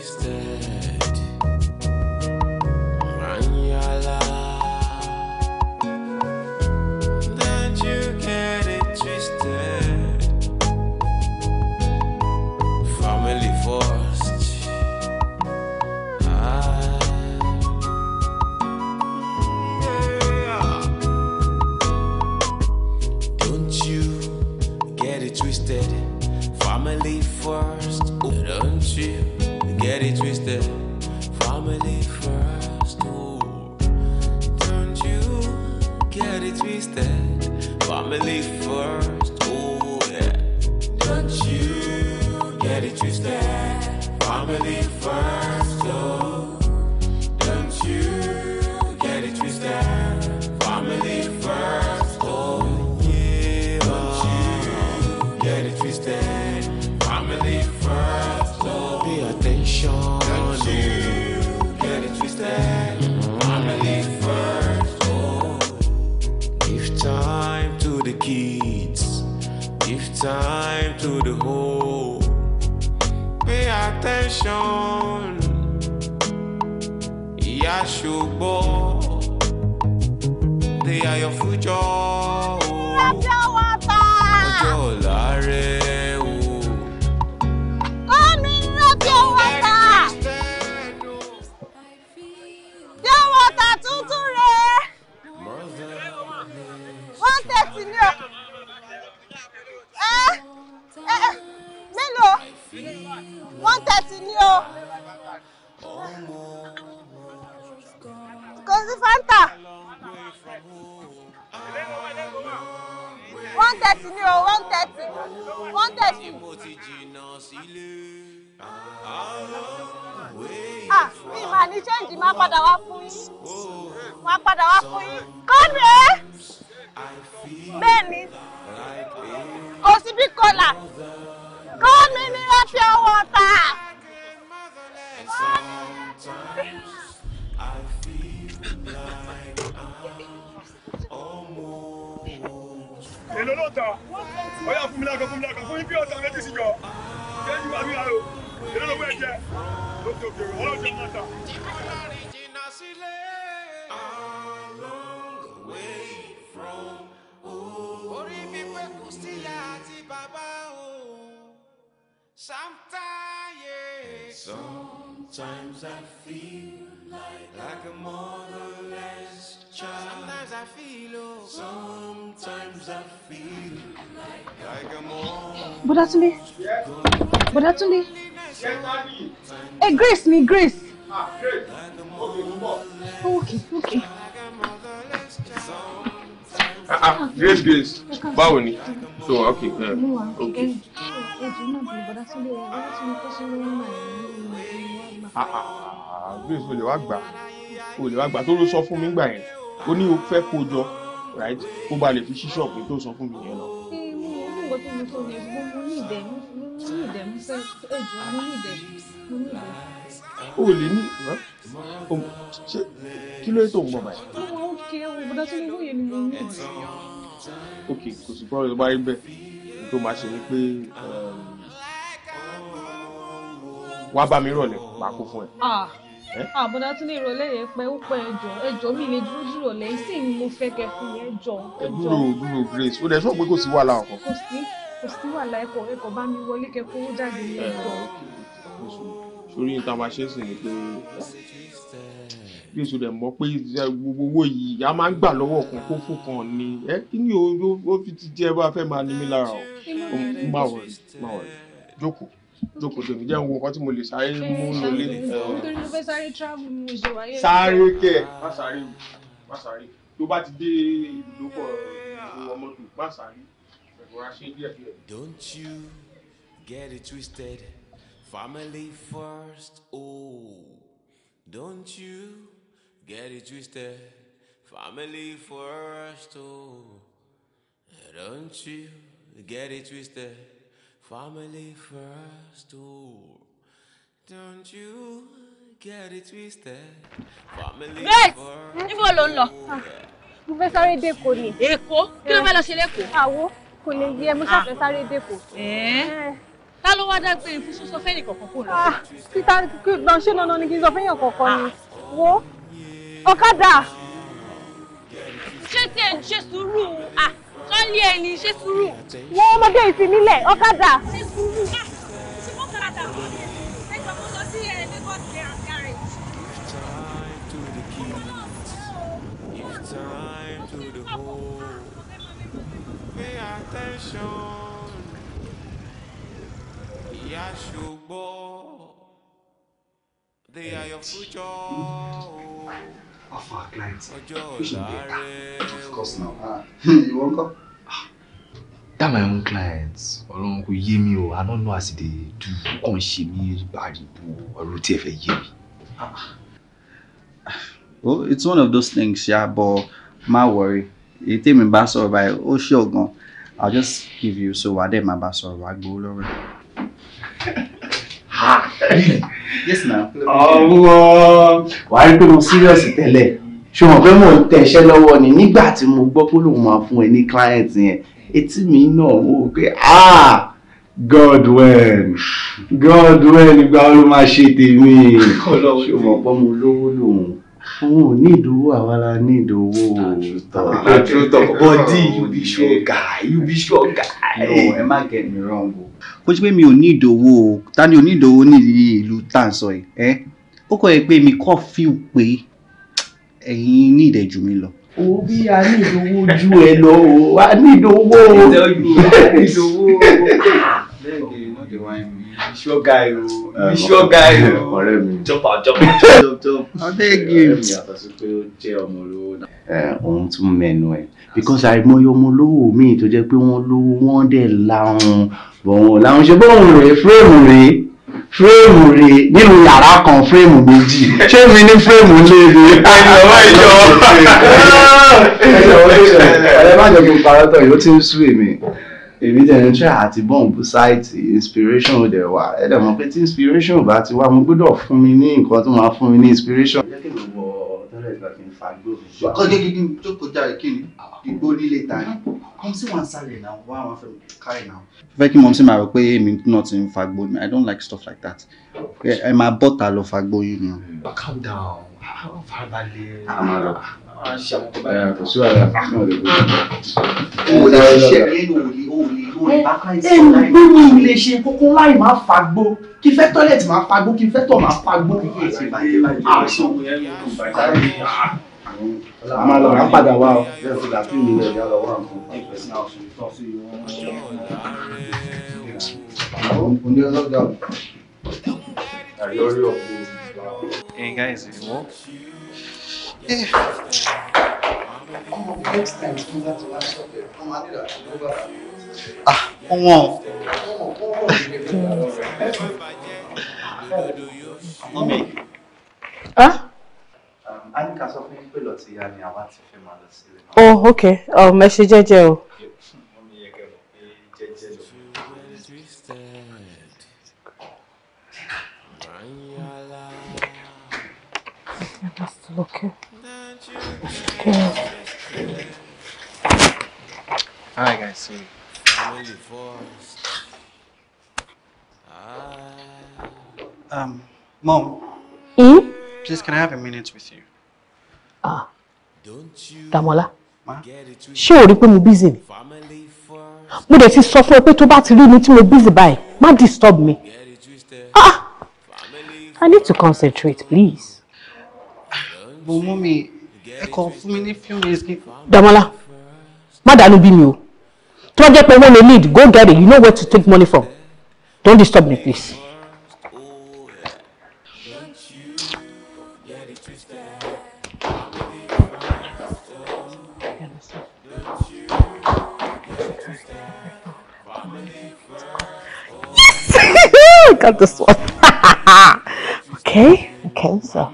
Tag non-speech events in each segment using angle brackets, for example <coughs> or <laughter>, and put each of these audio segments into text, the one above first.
stay. sometimes. I feel like, like a motherless child. sometimes I feel oh. sometimes I feel like, like a motherless child. Yes, Hey eh, Grace me Grace. ah Grace okay, mo Okay, ok ah ah Grace Grace báwo ni so okay. Um, okay. ok. Ah, ah ah Grace o lè wá gbà o lè wá gbà tó ló sọ fún mi gbà yẹn o ní o fẹ́ kó jọ right kó ba lè fi ṣí ṣọ́ọ̀bù tó sọ fún mi yẹn lọ. ṣé mo ní nǹkan tó mo sọ yẹn mo ní ìdẹ̀mú mo ní ìdẹ̀mú fẹ́ ẹ̀jú mo ní ìdẹ̀mú o lè ní ṣe kí ló yẹ tó ń bọ̀ báyìí. ókè ọ̀bọ̀dá tó ní lóye ni mo ní ọ̀rẹ́. ókè kò sí pọ́nrọ́ tó bá rí bẹ́ẹ̀ tó máa ṣe ni pé wá bá mi rọ̀lẹ́ máa kó fún ẹ. àbọ̀dá tún ní ìrọ̀lẹ́ yẹn pẹ́ ó pẹ́ ẹjọ́ ẹjọ́ mi lè dúró dúró lẹ́ sí ni mo fẹ́ kẹ́ fún yẹn jọ. dúró dúró grace ó dẹ̀ sọ pé kò sí wàhálà ọkọ. kò sí kò sí wàhálà ẹkọ ẹkọ bá mi wọlé kẹ́ kówó jáde ní ẹjọ́ sórí ní táwa ṣe ń sìn ní pé bí èso rẹ̀ mọ̀ pé gbogbo owó yìí a máa ń gbà lọ́wọ́ kan kó fún kan ni ẹ kí ni o fi ti jẹ́ bá a fẹ́ máa ní mí lára o má wọ̀rẹ̀ má wọ̀rẹ̀ jókòó jókòó jòmí jẹ́ nǹkan tí mo lè sáré mú lọlé. nítorí mo fẹ́ sáré travel mi ṣe wáyé. sáré kẹ má sáré má sáré tó bá ti dé ibùdókọ̀ ọmọdé má sáré ẹ̀rọ aṣẹ́ díẹ̀ díẹ̀. Don't you get it twisted. Family first, oh, don't you get it twisted. Family first, oh, don't you get it twisted. Family first, oh, don't you get it twisted. Family Grace, first. Níbo ló ń lọ? Oh. Mo fẹ́ sáré dé Èkó ni. Èkó? Kí ló fẹ́ lọ ṣe lÉkòó? Àwo ta ló wá dágbé ikú sọ fẹ́ nìkọ̀kan kò náà. títà náà ṣé náà ni kí kọ̀ọ̀kan ni ah. wo ọ̀kadà. ṣé tí ẹ ń ṣe sùúrù sọ́ọ́lì ẹ ní ṣe sùúrù. wọ́n ọmọdé ìfimílẹ̀ ọ̀kadà. ṣe sùúrù ah, ṣe mọ́kàdà wọ́n ní ẹjọ́ mo lọ sí ẹ̀ eh, lagos air and Pay attention. Aṣògbó. They are your future. Of our clients. Of course now. Uh, ah. <laughs> you won't go? That my own clients. Ọlọ́run kò yé mi o. I don't know as they do. Ó kàn ṣe mí báyìí o. Ọ̀rọ̀ Well, it's one of those things, yeah, but my worry. Èyí tèmi bá sọ̀rọ̀ báyìí, ó ṣe ọ̀gan. I'll just give you so wà á dẹ̀ máa bá sọ̀rọ̀ wá gbowó yes now. Oh, wàá rí pé mo serious tẹ́lẹ̀ ṣùgbọ́n pé mò ń tẹ̀ṣẹ́ lọ́wọ́ ni nígbà tí mo gbọ́ pé lòun máa fún ẹ ní client yẹn etí mi náà mo rò ah Godwin Godwin ìgbà wo ló máa ṣe tèmi ṣùgbọ́n pé mo lówó lòun òun ò ní ìdówó àwa la ní ìdówó àtúntò bọ́dí you be sure guy you be sure guy. no am I get me wrong o bó ṣe pé mi ò ní ìdòwò ta ni ò ní ìdòwò ní ìlú tá à ń sọ yìí ẹ ó kọ́ ẹ pé mi kọ́ fíw pé ẹ̀yin ní ìdẹ̀jú mi lọ. o bí a ní ìdòwò ju ẹ lọ o a ní ìdòwò o. ìdòwò sure guy o be sure guy o ọ̀rẹ́ mi jump out jump out jump jump. ọ̀rẹ́ mi yàtọ̀ sí pé ó jẹ́ ọmọ olówó náà. ohun tún mẹ́nu ẹ̀ because àìmọye ọmọ olówó míì tó jẹ́ pé wọ́n lówó wọ́n dẹ̀ láwọn bọ̀wọ̀n làwọn ṣe bóun rèé fúrèmù rèé fúrèmù rèé nínú yàrá kan fúrèmù méjì ṣé mi ní fúrèmù lé mi. ẹ̀yọ̀ ẹ̀yọ̀ ẹ̀yọ̀ ọ̀rẹ́ má jẹ́ kí n parọ́ tán yóò ti ń sú èmi èmi dẹ̀ ń try àti bọ́ǹbù sáìtì inspiration ò dẹ̀ wà ẹ̀ dẹ̀ mọ̀ pé tí inspiration ò bá ti wá mo gbọ́dọ̀ fún mi ní nǹkan tó máa fún mi ní inspiration. jẹ́ kí n lọ wọ bẹ̀rẹ̀ lọ kí n fa igbó fi ṣọ́. kọjá gidi jókòó jáde kí ni igbó líle ta ni kọ́m sí wọn sálẹ̀ náà wọ́n àwọn afẹ́ káì náà. fẹ́ kí mọ̀ sí máa rò pé èmi náà ti ń fagbó I don't like stuff like that ẹ máa bọ́ta lọ fagbó yìí ni. calm down ó farabalẹ̀ a ah, máa lọ ah, eh, kò sí wàhálà náà lè gbé. o lè ṣiṣẹ́ lẹ́nu òní òní òní bá ká ìsìn láì. ẹnu gbé mi lè ṣe kókó láì máa fagbó kí fẹ́ tọ́lẹ̀tì máa fagbó kí fẹ́ tọ̀ máa fagbó. Eh, a ah, máa lọ máa padà wá ọ bẹ́ẹ̀ fi làákùn mi lẹ̀ ní ọ̀rọ̀ wà nǹkan. Eh, oní ọlọ́dà. àyọ̀rí ọ̀gbìn. Hey guys, you know? Yeah. Come on, next time, Ah, Oh, on. Mommy. Huh? Anika Oh, okay. Ẹ oh, ṣe jẹ́jẹ́ o. That's looking. Okay. Alright guys, so um Mom. Hmm? Please can I have a minute with you? Ah. Damola. Ma. Ṣé o rí pé busy ni? Mo dẹ̀ ti sọ fún ẹ pé tó bá ti rí mi tí mo busy báyìí, má disturb me. Ah! I need to concentrate, please bò mú mi ẹ̀kọ́ fún mi ní few Damola má dànù bí mi o tí wọ́n jẹ́ need go get it you know where to take money from don't disturb me please. Yes, I got this one. <laughs> okay, okay, so.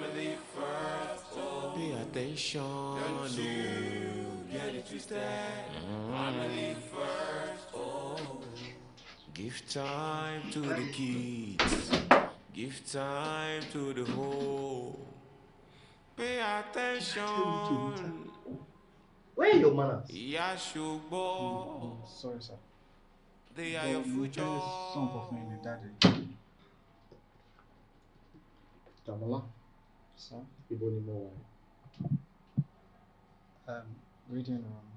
time to the whole. Pay attention. Where are your manners? Yashugbo. Mm, sorry, sir. They are your future. Song of my daddy. Damola. Sir. Ibo ni mo wà. Um, reading room.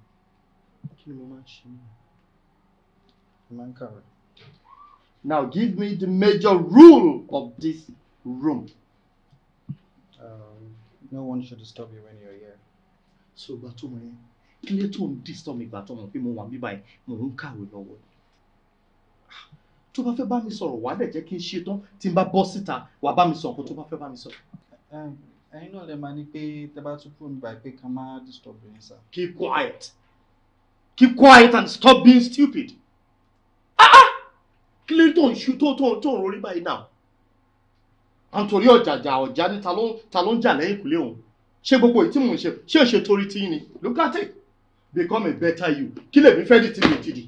Um, kí ni mo máa ń ṣe? Now give me the major rule of this room. Um, no one should disturb you when you're here. So ìgbà tó mọ yẹn, kí ló tó ń disturb mi ìgbà tó mọ pé mo wà mí báyìí, mo ń kàwé lọ́wọ́. Tó bá fẹ́ bá mi sọ̀rọ̀, wàá dẹ̀ jẹ́ kí n ṣe tán tí n bá bọ́ síta, wàá bá mi sọ nǹkan tó bá fẹ́ bá mi sọ. Um, ẹ̀yin náà disturb yín sir. Keep quiet. Keep quiet and stop being stupid kí ló tó ń ṣu tó tó tó ń rorí báyìí náà à ń torí ọ̀jàjà ọ̀já ní ta ló ta ló ń jà lẹ́yìn ìkúlé òun ṣé gbogbo èyí mò ń ṣe ṣé ò torí tí ni look at it become a better you kí lèmi fẹ́ di ti mi ti di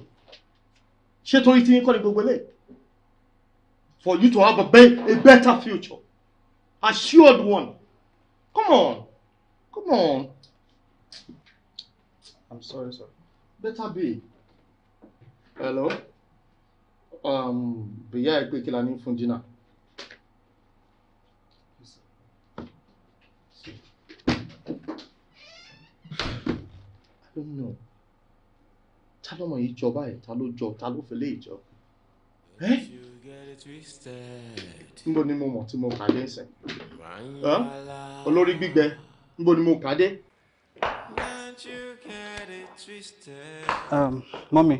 ṣé torí tí yín kọ́ ni gbogbo eléyìí for you to have a, be a better future assured one come on come on i'm sorry sir better be hello bìyà ẹ pé kí la ní fún dínà. don't know ta ló mọ̀ yìí jọ báyìí ta ló jọ ta ló fẹ́lẹ́ ìjọ. níbo ni mo mọ̀ tí mo pàdé ẹsẹ̀ olórí gbígbẹ níbo ni mo pàdé. Um, mọ́mí.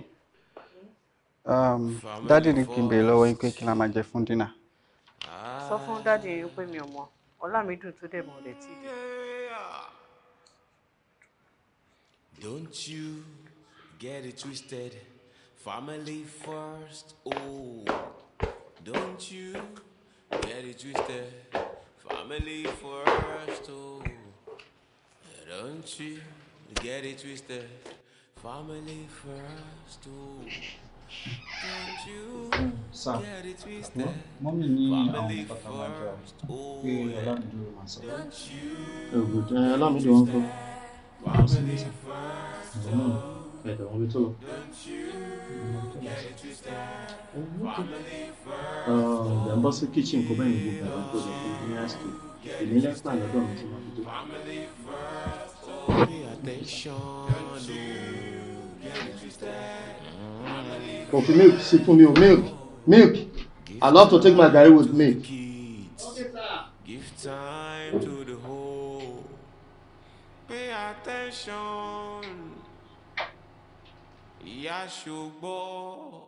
Um, dádì ní kí n béèrè lọ́wọ́ yín pé kí la máa jẹ fún dínà. Ah. sọ fún dádì yín pé mi ò mọ ọlámídùn tó dẹ̀ mọ̀ rẹ̀ tí. Don't you get it twisted, family first, oh. Don't you get it twisted, family first, oh. Don't you get it twisted, family first, oh sá àmọ́ mọ́mì ní àwọn bàtà máa jọ pé ọlámìdí ló máa sọ ẹ̀gbọ́n ẹ ọlámìdí wọn fọ àwọn sì ní sá ẹ̀gbọ́n náà ẹ̀dọ̀ wọn bí tó lọ. ìgbà ń bọ́ sí kíchìn kó bẹ́ẹ̀ ní gbogbo àwọn gbọdọ̀ fún union school èmi lẹ́pà lọ́dọ̀ mi tí wọ́n fi dé. Coffee milk, sip for milk, milk. I love to take my garri with me. Give time to the whole. Pay attention. Yashugbo.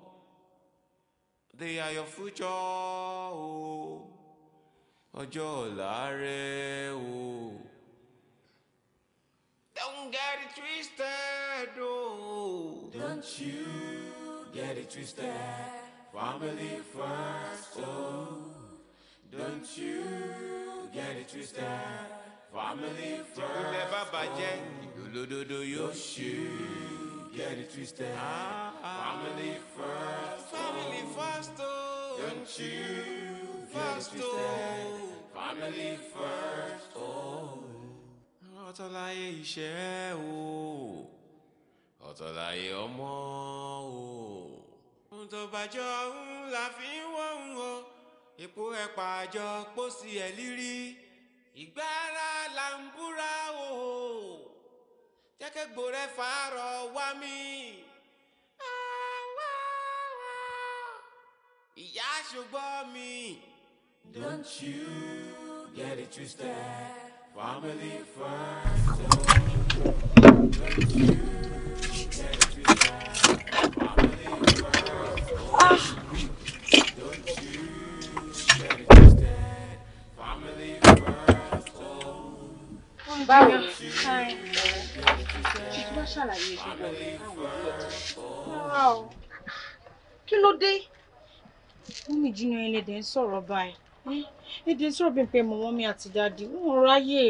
They are your future. Oh. Ọjọ́ ọ̀la oh. Don't get it twisted o. Oh. Don't you get it twisted. Family first, oh. Don't you get it twisted. Family first. Oh. Don't you get it twisted. Ah. Family first. Oh. Family first, oh. Don't you first, oh. twisted? Family first, oh. Ọ̀tọ̀ láyé ìṣẹ́ o. ọ̀tọ̀ ọmọ o. ohun tó bàjọ́ ń la fi ń wọ̀hún o èpo ẹ̀ pàjọ pósí ẹ̀ lírí ìgbára là ń búra o jẹ́kẹ́gbò rẹ̀ fàárọ̀ wá mi. ìyá ṣùgbọ́n mi. Don't you get it twisted, family first. Don't you. báwo ni ṣùgbọ́n bá ṣàlàyé gbogbo ọ̀rẹ́ báwo ni rárá o kí ló dé mọ́mí jìnnà ẹlẹ́dẹ̀ ń sọ̀rọ̀ báyìí èdè eh, sọ̀rọ̀ bí pé mọ̀mọ́ mi àti dáàdi wọn ráyè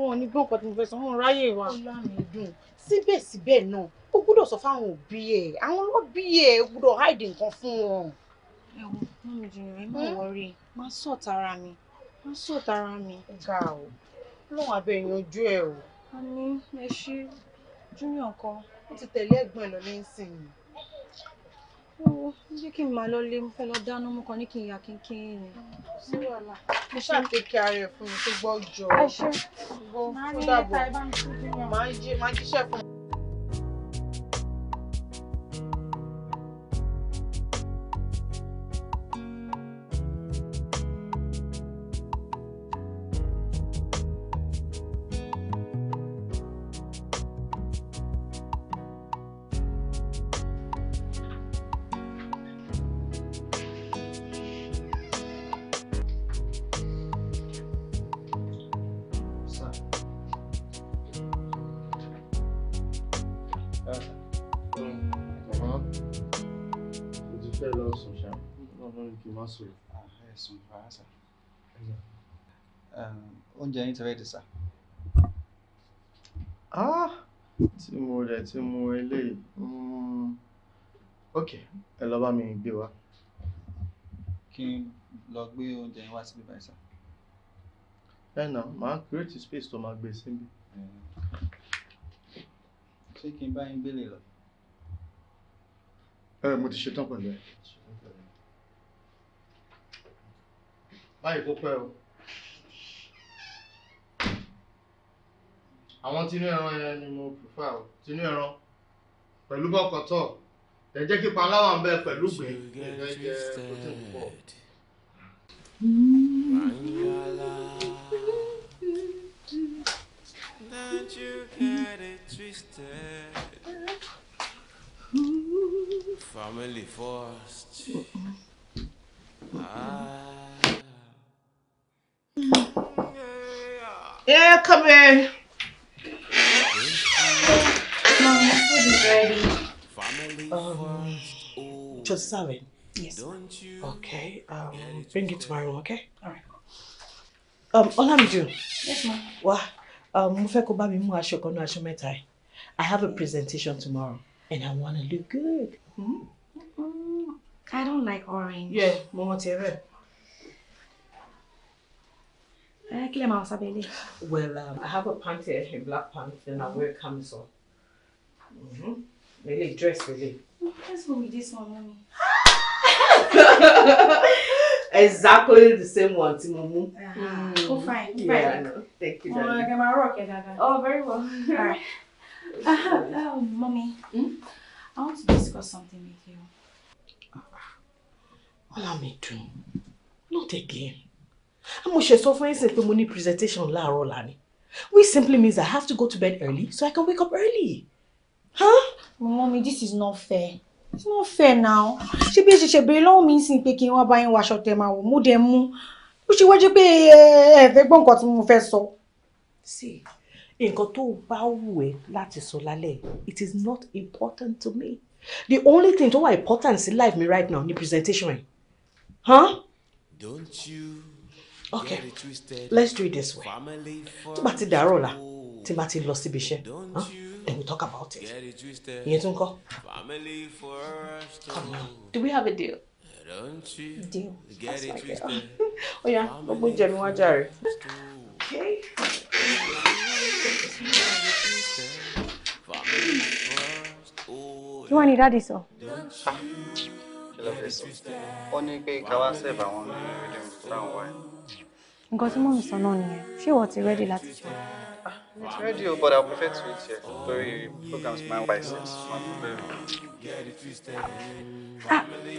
wọn ní gbọ́n kan tí mo fẹ́ sọ wọn ráyè wa. ọlọ́run dùn síbẹ̀síbẹ̀ náà o gbọ́dọ̀ sọ fáwọn òbí ẹ̀ àwọn òbí ẹ̀ gbọ́dọ̀ háìdì nǹkan fún wọn. ẹ wo mọ́mí jìnnà ẹ má wọrí má sọ̀tara mi má sọ̀tara mi. ó o lóun abẹ́ ìyanjú ẹ̀ o. a ní ẹ ṣe junior kan. ó ti tẹ̀lé ẹ̀gbọ́n ẹ̀ lọ ní ìsinyìí. ó jẹ́ kí n máa lọ lé mo fẹ́ lọ dáná mú kan ní kí n ya kínkín ni. sí wàhálà mo ṣàtẹ̀kẹ́ ara ẹ̀ fún mi tó gbọ́ jọ. ẹ ṣe gbọ́ kó dàbọ̀ máa jíṣẹ́ fún mi. Ehm, oúnjẹ yín ti rẹ́dì sà. Ah, tí mo rẹ̀ tí mo eléyìí mm, ok ẹ lọ bá mi gbé wá. kí n lọ gbé oúnjẹ yín wá síbí báyìí sà. ẹ nà máa create space tó máa gbé e síbi. Ehm, ṣé kí n bá yín gbélé lọ. ẹ mo ti ṣetán pẹ̀lú ẹ. báyìí kó pẹ́ o. àwọn tinú ẹran yẹn ni mo prefer o tinú ẹran pẹ̀lú bọ́kọ̀tọ̀ tẹ̀jẹ́ kí paláwà ń bẹ pẹ̀lú gbé ẹ̀jẹ̀ jẹ́ protein púpọ̀. Don't twisted. Family first. Ah. Yeah, come here. ready. Um, just seven. Yes. Okay. Um, bring it tomorrow. Okay. All right. Um, Olamide. Yes, ma'am. Wá, um, mo fẹ́ kó bá mi mú aṣọ kan ní aṣọ I have a presentation tomorrow, and I want to look good. Hmm? Mm, I don't like orange. Yeah, mo eh, want it Well, um, I have a pants here, a black pants, and I wear a camisole. Mm-hmm. Really, dress really. Let's go with this one, mommy. exactly the same one tí mo mú. Oh, fine. Yeah, fine. Thank you, darling. Oh, my rock, yeah, Oh, very well. All right. <laughs> Uh, oh, mommy. Hmm? I want to discuss something with you. Allow me to. Not again. I'm ṣe sọ fún yín pé mo presentation láàárọ̀ ọ̀la lani. Which simply means I have to go to bed early so I can wake up early. Huh? Mommy, this is not fair. It's not fair now. She bí she ṣe bèrè lọ́wọ́ mi ń sìn pé kí n wá bá yín waṣọ tẹ máa wò mú dẹ mú. Ó ṣe wájú pé ẹ fẹ́ gbọ́ nǹkan tí mo fẹ́ sọ. Sí nǹkan tó bá wù ẹ́ láti sọ lálẹ́ it is not important to me. The only thing tó wà important in life me right now ni presentation ẹ̀. Huh? Don't you okay let's do it this way. Tó bá ti dàárọ̀ la tí bá ti lọ síbi iṣẹ́. Huh? then we talk about it. ìyẹn tún kọ́. come on do we have a deal. deal that's my girl. <laughs> oya oh, gbogbo jẹ mi wá jàre. okay. Oh, kí wọ́n ní dáàdì sọ. ó ní pé káwá sẹ́ẹ̀bù I ọmọ ìrìndìmù táwọn wáyé. nǹkan tí mò ń sọ náà nìyẹn ṣé ìwọ ti ready láti jẹun. It's radio, oh, but I'll prefer to it here. Very programs my wife says.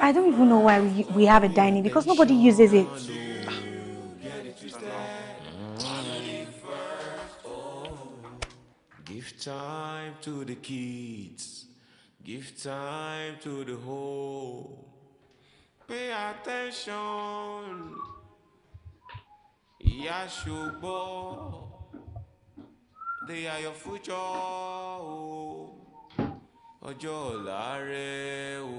I, don't even know why we, we have a dining because nobody uses it. Ah. Give time to the kids. Give time to the whole. Pay attention. Yashubo. They are your future o. Ọjọ́ ọ̀la rẹ o.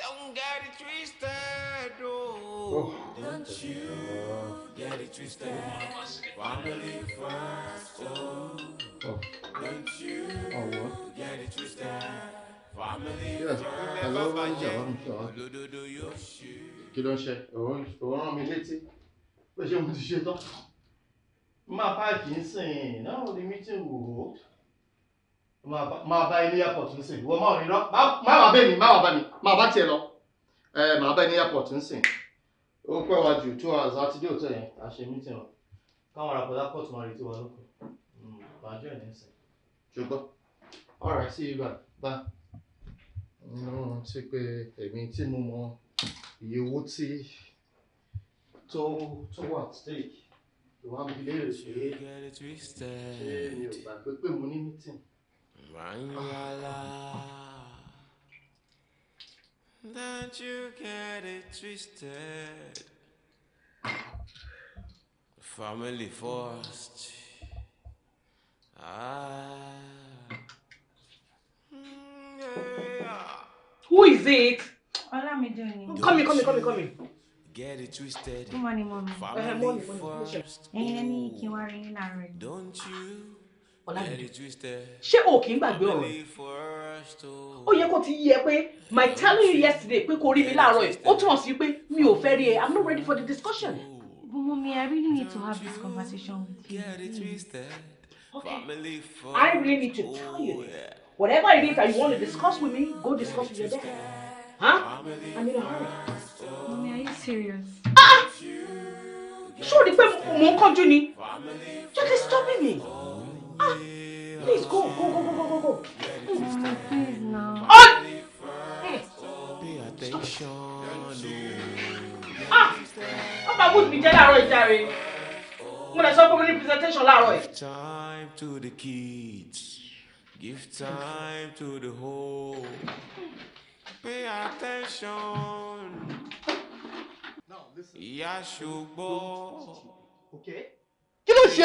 Don't get it twisted o. Don't you get it twisted. Family first o. Don't you get it twisted. Family first o. Ẹ̀rọ bá jẹ́ olódodo yóò ṣe. Kí ló ń ṣe? Òun rán mi létí. Bó ṣe mo ti ṣe tán ma páàkì ń sìn náà ní mítìn wò ó ma bá ilé airport ń sìn wọ́n máa rí lọ máa wà bẹ́ẹ̀ ni máa wà bá mi máa bá tiẹ̀ lọ máa bá ilé airport ń sìn ó pẹ́ wá ju two hours àti dé òtẹ́ yẹn a ṣe mítìn o káwọn ará pọ̀lá port máa rí tiwa lóko bàjẹ́ hmm, ẹ̀ ní sìn ṣùgbọ́n ọ̀rẹ́ sí ibà bá wọ́n ti pé èmi tí mo mọ iye owó to tó wà stake. Don't you get it twisted. Family first. Ah. Who is it? Olamide ni. Come in, come in, come in, come in. Get it twisted. Good morning, mommy. Family uh, first. Ẹyẹ ní kí wá rí Don't you Ṣé o kì í gbàgbé ọ̀rọ̀? Ó yẹ kó ti yẹ pé my telling you yesterday pé kò rí mi láàárọ̀ yìí. Ó túmọ̀ sí pé mi ò fẹ́ rí ẹ. I'm not ready for the discussion. Mommy, I really need to have this conversation with you. Okay. I really need to tell you Whatever it is that you want to discuss with me, go discuss with your dad. Huh? I'm in a hurry serious. ṣé o rí pé mò ń kánjú ni stopping me ah please go go go go go go. Oh! Ah! Ọba ah, mood mi jẹ́ láàárọ̀ ìjàre. Mo lè sọ fún mi presentation láàárọ̀ yìí. Time to the kids. Give time to the whole. Pay attention ìyá ṣùgbọ́. kí ló ṣe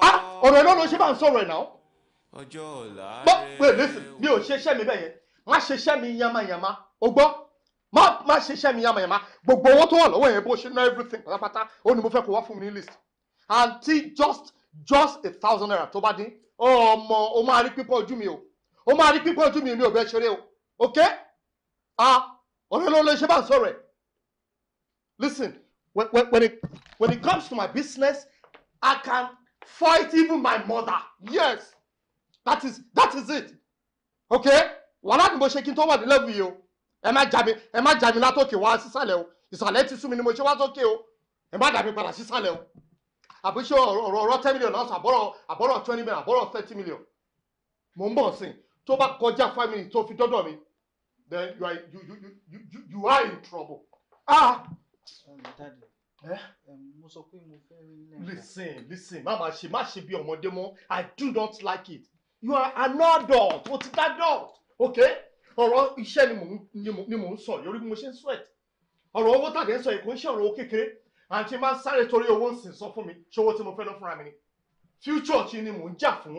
ah, ọ̀rọ̀ ìlọ́run ṣe máa ń sọ̀rọ̀ ẹ̀ náà. ọjọ́ ọ̀la rẹ̀ wọ́n pè lẹ́sìn mi ò ṣe iṣẹ́ mi bẹ́ẹ̀ yẹn má ṣe iṣẹ́ mi yamayama o gbọ́ má má ṣe iṣẹ́ mi yamayama gbogbo owó tó wà lọ́wọ́ yẹn bó ṣe ná everything pátápátá ó ní mo fẹ́ kó wá fún mi ní list àǹtí just just a thousand naira tó bá dín ọmọ o máa rí pípọ̀ ojú mi o o máa rí pípọ̀ ojú mi mi ò bẹ́ẹ̀ ṣeré o ok ah ọ̀rẹ́ ló lè ṣe bá ń sọ̀rọ̀ ẹ̀ Listen, when, when, when, it, when it comes to my business, I can fight even my mother. Yes, that is, that is it. Okay? Wàhálà ni mo ṣe kí n tó wà ní level yìí o. Ẹ má jà mí, ẹ má jà mí látòkè wá sísàlẹ̀ o. Ìsàlẹ̀ ti sú ni mo ṣe wá sókè o. Ẹ má dà mí padà sísàlẹ̀ o. Àbí ṣé ọ̀rọ̀ ọ̀rọ̀ ten million náà àbọ̀rọ̀ àbọ̀rọ̀ twenty million àbọ̀rọ̀ thirty million. Mo ń bọ̀ sí i. Tó bá kọjá five minutes tó fi dọ́dọ̀ mi, then you are, you, you, you, you, you are in trouble. Ah! Eh? Um, listen listen má máa ṣe má ṣe bí ọmọdé mọ́ i do not like it you are an adult o ti dá adult okay ọ̀rọ̀ iṣẹ́ ni mò ń sọ lórí bí mo ṣe ń sweat ọ̀rọ̀ owó tàbí ń sọ èkó ń ṣe ọ̀rọ̀ owó kékeré àti máa ń sáré torí owó ń sìn sọ fún mi ṣòwò tí mo fẹ́ lọ fúnra mi future tí ni mò ń jà fún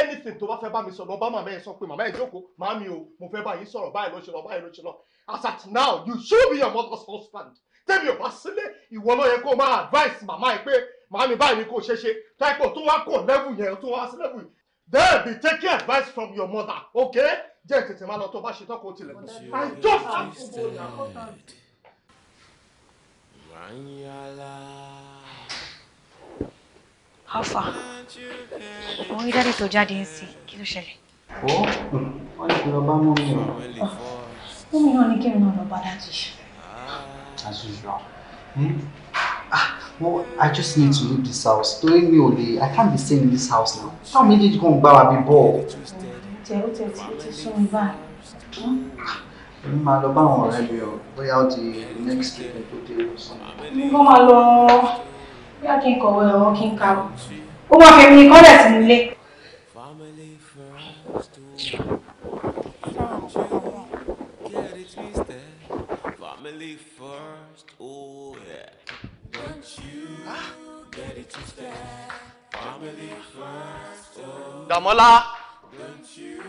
anything tó bá fẹ́ bá mi sọ lọ bá màmá ẹ̀ sọ pé màmá ẹ̀ jókòó màá mi o mo fẹ́ bá yín sọ̀rọ̀ báyìí ló ṣe lọ báyìí ló ṣe lọ as at now you should be your mother's husband tẹ́mi ò bá sílé ìwọ ló yẹ kó máa advice màmá ẹ pé màámi báyìí ni kò ṣe ṣe táìpọ̀ tó wá kò level yẹn tó wá sí level yìí there be taking advice from your mother okay jẹ́ tètè máa lọ tó bá ṣe tán kó tilẹ̀ i just have to go now. Alfa, mo rí dáadé tó jáde ń sìn, kí ló ṣẹlẹ̀? Ó, wọ́n ti lọ bá mọ́ mi rọ̀. Mọ́ mi náà ní kí n náà lọ bá dájú as usual. Hmm? Ah, well, I just need to leave this house. Torí mi ò lè, I can't be staying in this house now. Táwọn méjèèjì kan gbá wa bí bọ́ọ̀. Tẹ ó tẹ tí ó ti sún mi báyìí. Hmm? Èmi máa lọ bá àwọn ọ̀rẹ́ mi o, bóyá ó di next week tó dé o sọ. Mo kọ́ máa lọ bóyá kí n kọ̀wé ọ̀rọ̀ kí n ka o. Ó wá fẹ́ mi kọ́lẹ̀ sí nílé. family first. Oh yeah. Once you ah. get it twisted, family first. Oh. Damola. Don't you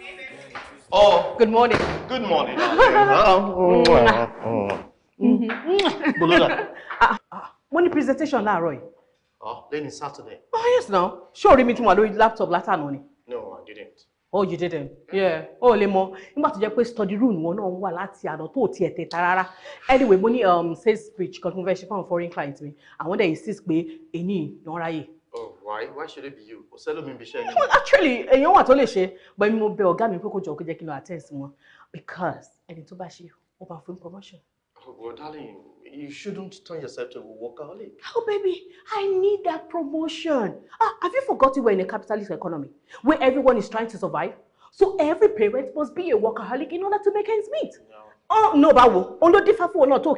get it Oh. Good morning. Good morning. Bolona. Mo presentation láàárọ̀ Roy? Oh, then it's Saturday. Oh yes now. Ṣé o rí mi tí mo wà lórí laptop látàná No, I didn't oh you didn't yeah ó oh, lè mọ nígbà tó jẹ́ pé study room wọn náà wà láti àná tó tiẹ̀ tẹ̀ta rárá anyway mo ní um, sales pitch kan tí mo fẹ́ ṣe fún foreign clients mi àwọn dẹ̀ insist pé èyí ìyàn ráyè. oh why why should it be you o sẹ́lómi ibi iṣẹ́ yẹn. actually èèyàn wà tó lè ṣe but mi mo bẹ ọ̀gá mi pé kó jọ kó jẹ́ kí n lọ attend sí wọn because ẹni tó bá ṣe ó bá fún promotion. Well, darling, you shouldn't turn yourself to a workaholic. Oh, baby, I need that promotion. Ah, have you forgotten we're in a capitalist economy where everyone is trying to survive? So every parent must be a workaholic in order to make ends meet. No. Oh, no, Babu, Ó ló dífá fún ọ náà tó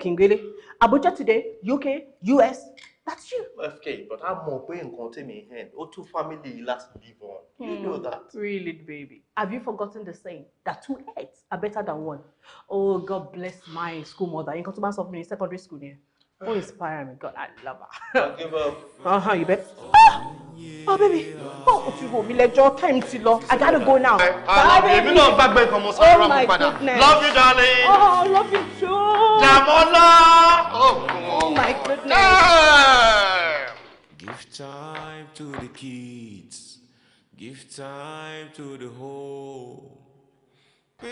Abuja today, UK, US, That's you. Okay, but I'm more paying contain hand. Oh, two family last live on. You mm. know hmm. that. Really, baby. Have you forgotten the saying that two heads are better than one? Oh, God bless my school mother. In Kotoban of in secondary school here. Oh, inspire me. God, I love her. I give up. <laughs> Uh huh, you bet. Oh. Oh, baby. Oh, if you hold me, let your time to lọ. I gotta go now. I, I Bye, baby. Oh, my goodness. Love you, darling. Oh, love you too. Damola. Oh, oh my goodness. Time. Give time to the kids. Give time to the whole.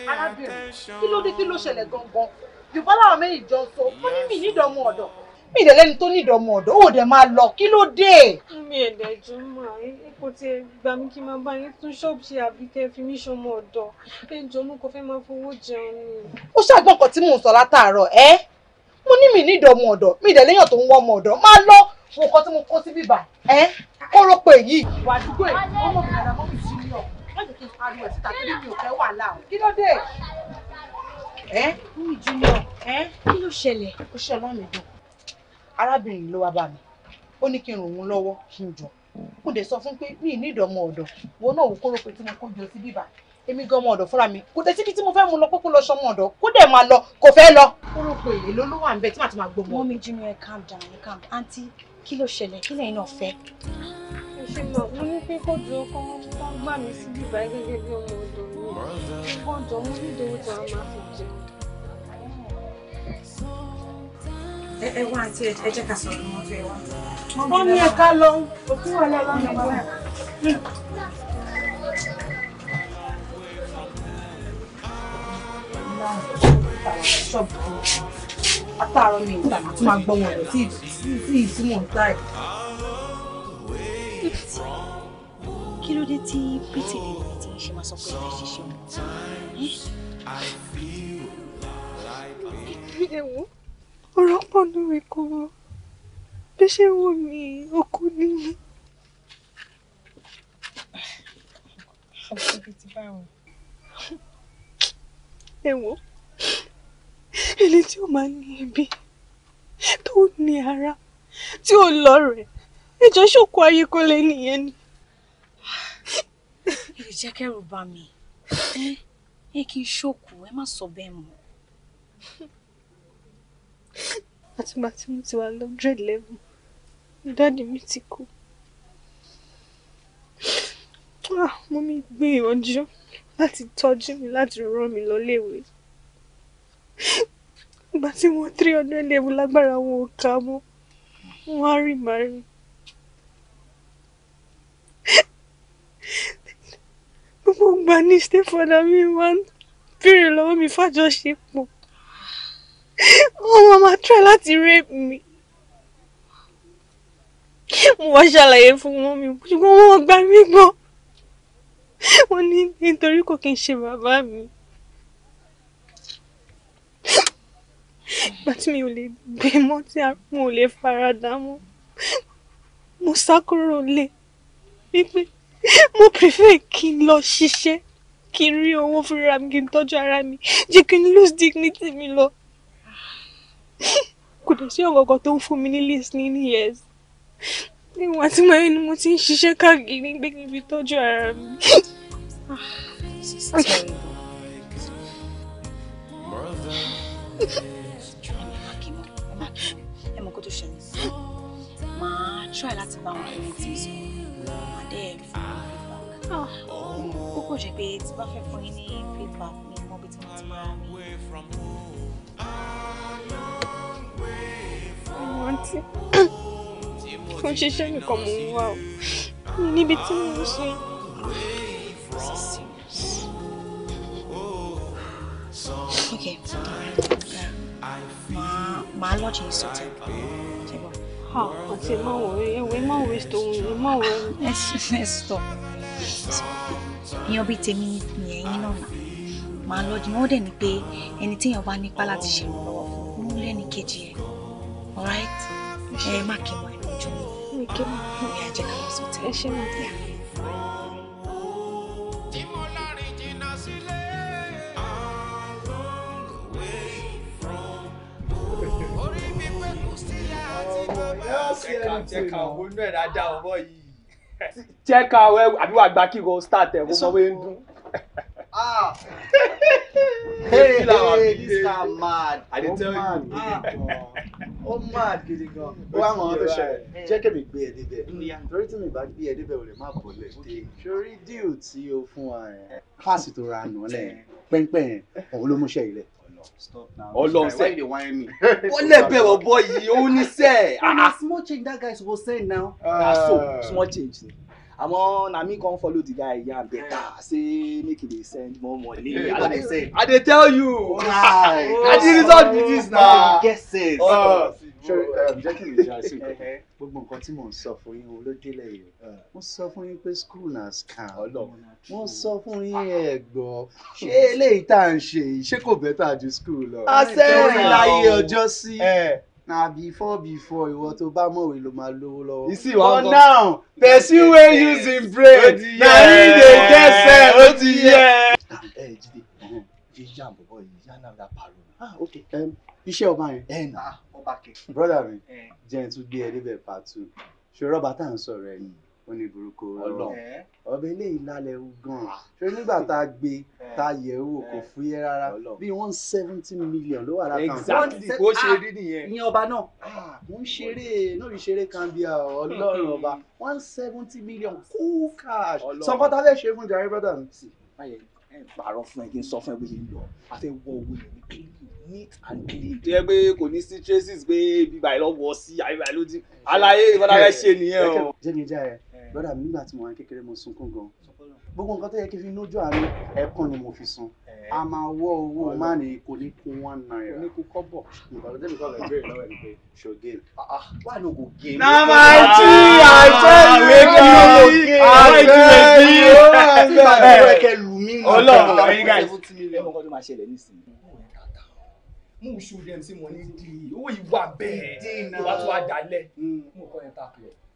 Arábìnrin, kí ló dé kí ló ṣẹlẹ̀ gangan? Yorùbá làwọn méjì jọ ń sọ, ó ní mi nídọ̀ọ́mú ọ̀dọ̀ mi ìdẹ̀ lẹ́ni tó ní ìdọ̀mọ̀ ọ̀dọ́ ò dẹ̀ máa lọ kí ló dé. mi ẹ̀ dẹ̀ jù mọ́ ipò tí ẹ gbà mí kí n máa bá yín tún ṣọ́ọ̀bù ṣe àbí kẹ́ ẹ fi mí ṣọmọ ọ̀dọ́ pé ìjọ mú kó fẹ́ máa fowó jẹun ni. ó ṣàgbọ́n nǹkan tí mò ń sọ látàárọ̀ ẹ́ mo ní mi ní ìdọ̀mọ̀ ọ̀dọ́ mi ìdẹ̀ lẹ́yìn tó ń wọ́ ọmọ ọ̀dọ́ máa lọ mo kọ́ tí mo kó sí bíbà ẹ́ kó rò pé yìí. ìwà àdúgbò ẹ̀ ọmọ mi o kí ló dé. ẹ ẹ kí ló ṣẹlẹ̀ ó ṣe ọlọ́run dùn arábìnrin ló wá bá mi ó ní kí n ràn lọ́wọ́ kí n jọ mo dẹ̀ sọ fún pé mi ní ìdọ̀mọ ọ̀dọ̀ wo náà wò kóró pé tí mo kó jọ sí bíbá èmi gan ọmọ ọ̀dọ̀ fúnra mi kò tẹ síbi tí mo fẹ́ mu lọ kókó lọ sọmọ ọ̀dọ̀ kó dẹ̀ máa lọ kò fẹ́ lọ. ó pé èlé ló wà níbẹ̀ tí màá ti máa gbọmọ. mọ́mí jimmy ẹ calm down ẹ calm aunty kí ló ṣẹlẹ̀ kí lẹ́yìn náà fẹ́. ṣe mo ní pé kó jọ kó wọ́n gbà mí sí bíbá gẹ́gẹ́ bí ọmọ ọ̀dọ̀ mi ẹ wá àti ẹ jẹ́ ká sọ̀rọ̀ ní mọ́tò ẹ wá. wọ́n ní ẹ̀ka lọ òkú wà lọ́nà bàbá. látàárọ̀ mi ìta àti máa gbọ́ wọn tí ìtumọ̀ ń ta ẹ̀. kí ló dé tí pété lè ní ti ṣe máa sọ pé ẹ ṣiṣẹ́ mi. ẹ wò ó ọ̀rọ̀ pọ̀ lórí kan wọn bí ṣe ń mí okú ní mi. ẹ wo ẹni tí ó máa ń ní ibi tó ní ara tí ó lọ́rẹ̀ẹ́ ìjọ ṣòkò ayé kó lè nìyẹn ni. èrè jẹ́ kẹ́rù bà mí ẹ kí n ṣòkò ẹ má sọ bẹ́ẹ̀ mọ́ àtìgbà tí mo ti wà lọ́jọ́ eleven dáàdì mi ti kú mo mi gbìyànjú láti tọ́jú mi láti rán mi lọ léwe ìgbà tí wọ́n tírí ọdún eléwu lágbára wọn ò ká mọ́ wọ́n á rí màrí. gbogbo ìgbà ni stephen àmì wá ń béèrè lọ́wọ́ mi fàjọṣepọ̀. Oh, Mama, try not to rape me. mo shall I fún wọn mi ṣùgbọ́n wọ́n gbà mí gbọ́ wọ́n ní nítorí kò kí n ṣe bàbá me, but me mi be more gbé mọ́ tí mo ò lè more mọ́ mo sá kúrò lé wípé mo prefer kí n lọ ṣiṣẹ́ kí n rí owó fúnra mi lose dignity me lọ kò dẹ̀ sí ọ̀gọ̀gọ̀ tó ń fún mi ní listening ears níwọ̀n àti mẹ́rin ni mo ti ń ṣiṣẹ́ káàkiri gbé níbi tọ́jú ara mi. ẹ mọ̀ kó tó ṣẹlẹ̀ máa try láti bá wọn kẹ́rin tí mo sọ máa dẹ́ feedback ah, ó kò jẹ́ pé tí bá fẹ́ fún yín ní feedback mi mọ̀ bí tí mo ti máa rí àǹtí <coughs> fún ṣiṣẹ́ nìkan mò ń wá o níbi tí mò ń sùn. Okay. Màá màá lọ́ọ̀jì yìí sọ̀tẹ̀. Ṣé bọ́? Ah, àti ẹ máa wọ̀rẹ́ ẹ̀wẹ̀ máa wọ̀rẹ́ stone ẹ máa wọ̀rẹ́. Ẹ ẹ stop. Ìyẹn bíi tèmi ni ẹ̀yin náà nà. Màá lọ́ọ̀jì wọ́n dẹ̀ ní pé ẹni téèyàn bá nípa láti ṣèrànlọ́wọ́ fún lẹ́nìkejì ẹ̀ alright ẹ má kí n wá ẹnu ojú mi kí n yà jẹ́ ká lọ sí tẹ̀. ẹ ṣe máa bí i. jẹ́ka owó inú ẹ̀ dáadáa Check yìí. jẹ́ka àbí wàá gba kíkọ start ẹ̀ kó mọ wé ń dún. Ah. hey, hey, this guy mad. I didn't tell you. <laughs> Ah, ó oh. oh, mad gidi gan. Ó wá mọ̀ ọ́n tó ṣẹlẹ̀. Jẹ́ kẹ́mi gbé ẹ débẹ̀. Mm. Torí tí mi bá gbé ẹ débẹ̀ o lè má You, lẹ̀ dé. Sori díò tí o fún wa yẹn. Káàsì tó ra nù lẹ̀ pẹ́ńpẹ́ stop now. Oh no, say lẹ̀. Ọlọ́run me. What lẹbẹ ọbọ yìí ó ní sẹ. A small change that guy suppose send now. na ah. ah, so small change Omo, na me come follow the guy yarn better say make he dey send more money. I dey send. I dey tell you. Right. Na the result be this na. Get sense. Oh. Um, jẹ́ kí n jà sí i. Gbogbo nǹkan tí mò ń sọ fún yín ló délẹ̀ yìí. Mo uh. sọ fún yín pé school na scam. Mo sọ fún yín ẹ̀gbọ́. Ṣé hmm. eléyìí tá à ń ṣe yìí ṣé kò bẹ́tà ju school lọ? Àṣẹ ìlàyé ọjọ́ sí. Eh na before before ìwọ tó bá mọ̀wé ló máa lówó lọ́wọ́. you see one for now person wey use him brain na him dey get sef ó ti yẹ. ẹ jíde jí jam bọ̀bọ̀ yìí yá náà la pàrọ̀. ah ok iṣẹ́ ọba yẹn. ẹ nà ọba kẹ. brother mi jẹ́ ẹ tún gbé ẹ débẹ̀ part two ṣòro bàtà ń sọ̀rọ̀ ẹ̀ yìí ó ní ọbẹ eléyìí lálẹ́ gan ah. ṣé nígbà tá a gbé tá a yẹ̀ wò kò fúyẹ́ rárá bí one seventy million ló wà lákàntì. exactly bó ṣe ah. rí nìyẹn. ní ọba náà ah, mo ń ṣeré náà mi ṣeré kan bí Ọlọ́run ọba one <laughs> seventy million cool cash sọkọta fẹ́ ṣe fún jàre brother mi. ayẹ ẹ pààrọ̀ fún ẹ kí n sọ fún ẹ bó ṣe ń lọ a fẹ́ wọ owó yẹn ní clean neat and clean. tó yẹ pé kò ní sí traces pé bíbá ẹ lọ wọ sí àbíbá ẹ ló dín àlàyé ìfọdàfẹ ṣe nìyẹn o. jẹ́ni jẹ́ ẹ lọ́dà mi nígbà tí mo wà kékeré mo sunkún gan gbogbo nǹkan tó yẹ kí n fi nójú àánú ẹkún ni mo fi sun a máa wọ owó má ní kò ní kú one naira kò ní kú kọ́bọ̀ nǹkan tó tẹ́lẹ̀ kọ́ ọ̀gá ìbéèrè lọ́wọ́ ẹni pé ṣò game wà ní ògùn game. na máa tí àjẹ́ ìwé kí àjẹ́ ìwé kí ọlọ́run ọ̀yìn guys. ẹ mọ̀ kọ́ tó máa ṣẹlẹ̀ nísìnyí mú ṣù dẹ̀ tí mo ní di owó ìwà bẹ́ẹ̀ ìwà tó wà dálẹ̀ mú kọ́ yẹn tàkùrọ̀.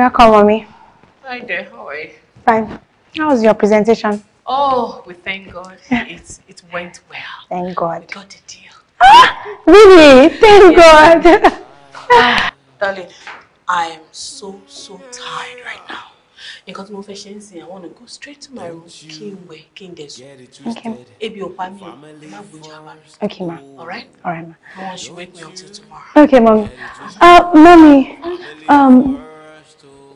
Welcome, mommy. Hi there. How are you? Fine. How was your presentation? Oh, we thank God. it, it went well. Thank God. We got a deal. Ah, really? Thank yeah. God. Ah, darling, I am so, so tired right now. nǹkan tí mo fẹ́ ṣe ń sìn àwọn straight to my room kí n wẹ̀ kí n dẹ̀sùn. ebi ò pa mí okay ma all right all right ma. no one wake me up till tomorrow. okay mami uh, mommy. um,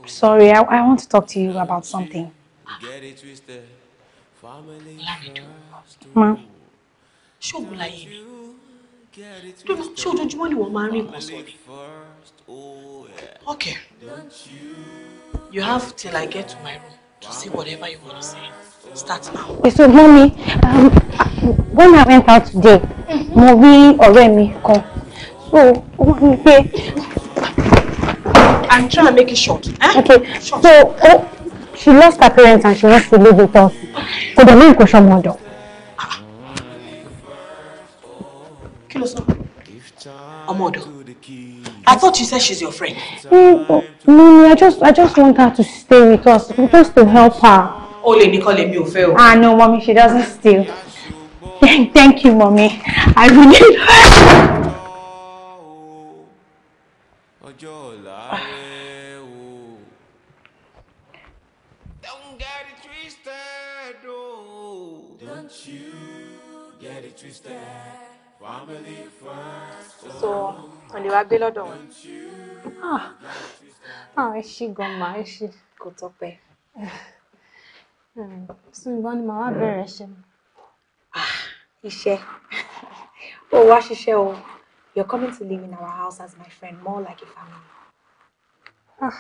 Sorry, I, I want to talk to you about something. Ma. Ṣóògùn láyé mi. Lọ́nà show. ojoojúmọ́ you want to ń rí nǹkan sọ ni. Okay. You have till I get to my room to say whatever you want to say. Start now. Wait, so mommy, um, when I went out today, mm-hmm. mo rí ọ̀rẹ́ mi kan. So, ó I'm trying to make it short. Eh? Okay. Short. So oh, she lost her parents and she wants to live with us. So the main question model. Kí ló sọ? I thought you said she's your friend. Mm, no, oh, no, I just I just want her to stay with us, just to help her. Only Nicole ní kọ́ lèmi Ah no, mommy, she doesn't steal. Thank, thank you, mommy. I really. so wọn lè wá gbé lọ́dọ̀ wọn. Ah, ah, ẹ ṣí gan ma ẹ ṣí kò tọpẹ ṣùgbọ́n hmm, ni màá wá bẹ̀rẹ̀ ṣe. Ah, iṣẹ́ ó wá ṣiṣẹ́ o you're coming to live in our house as my friend more like a family. Ah,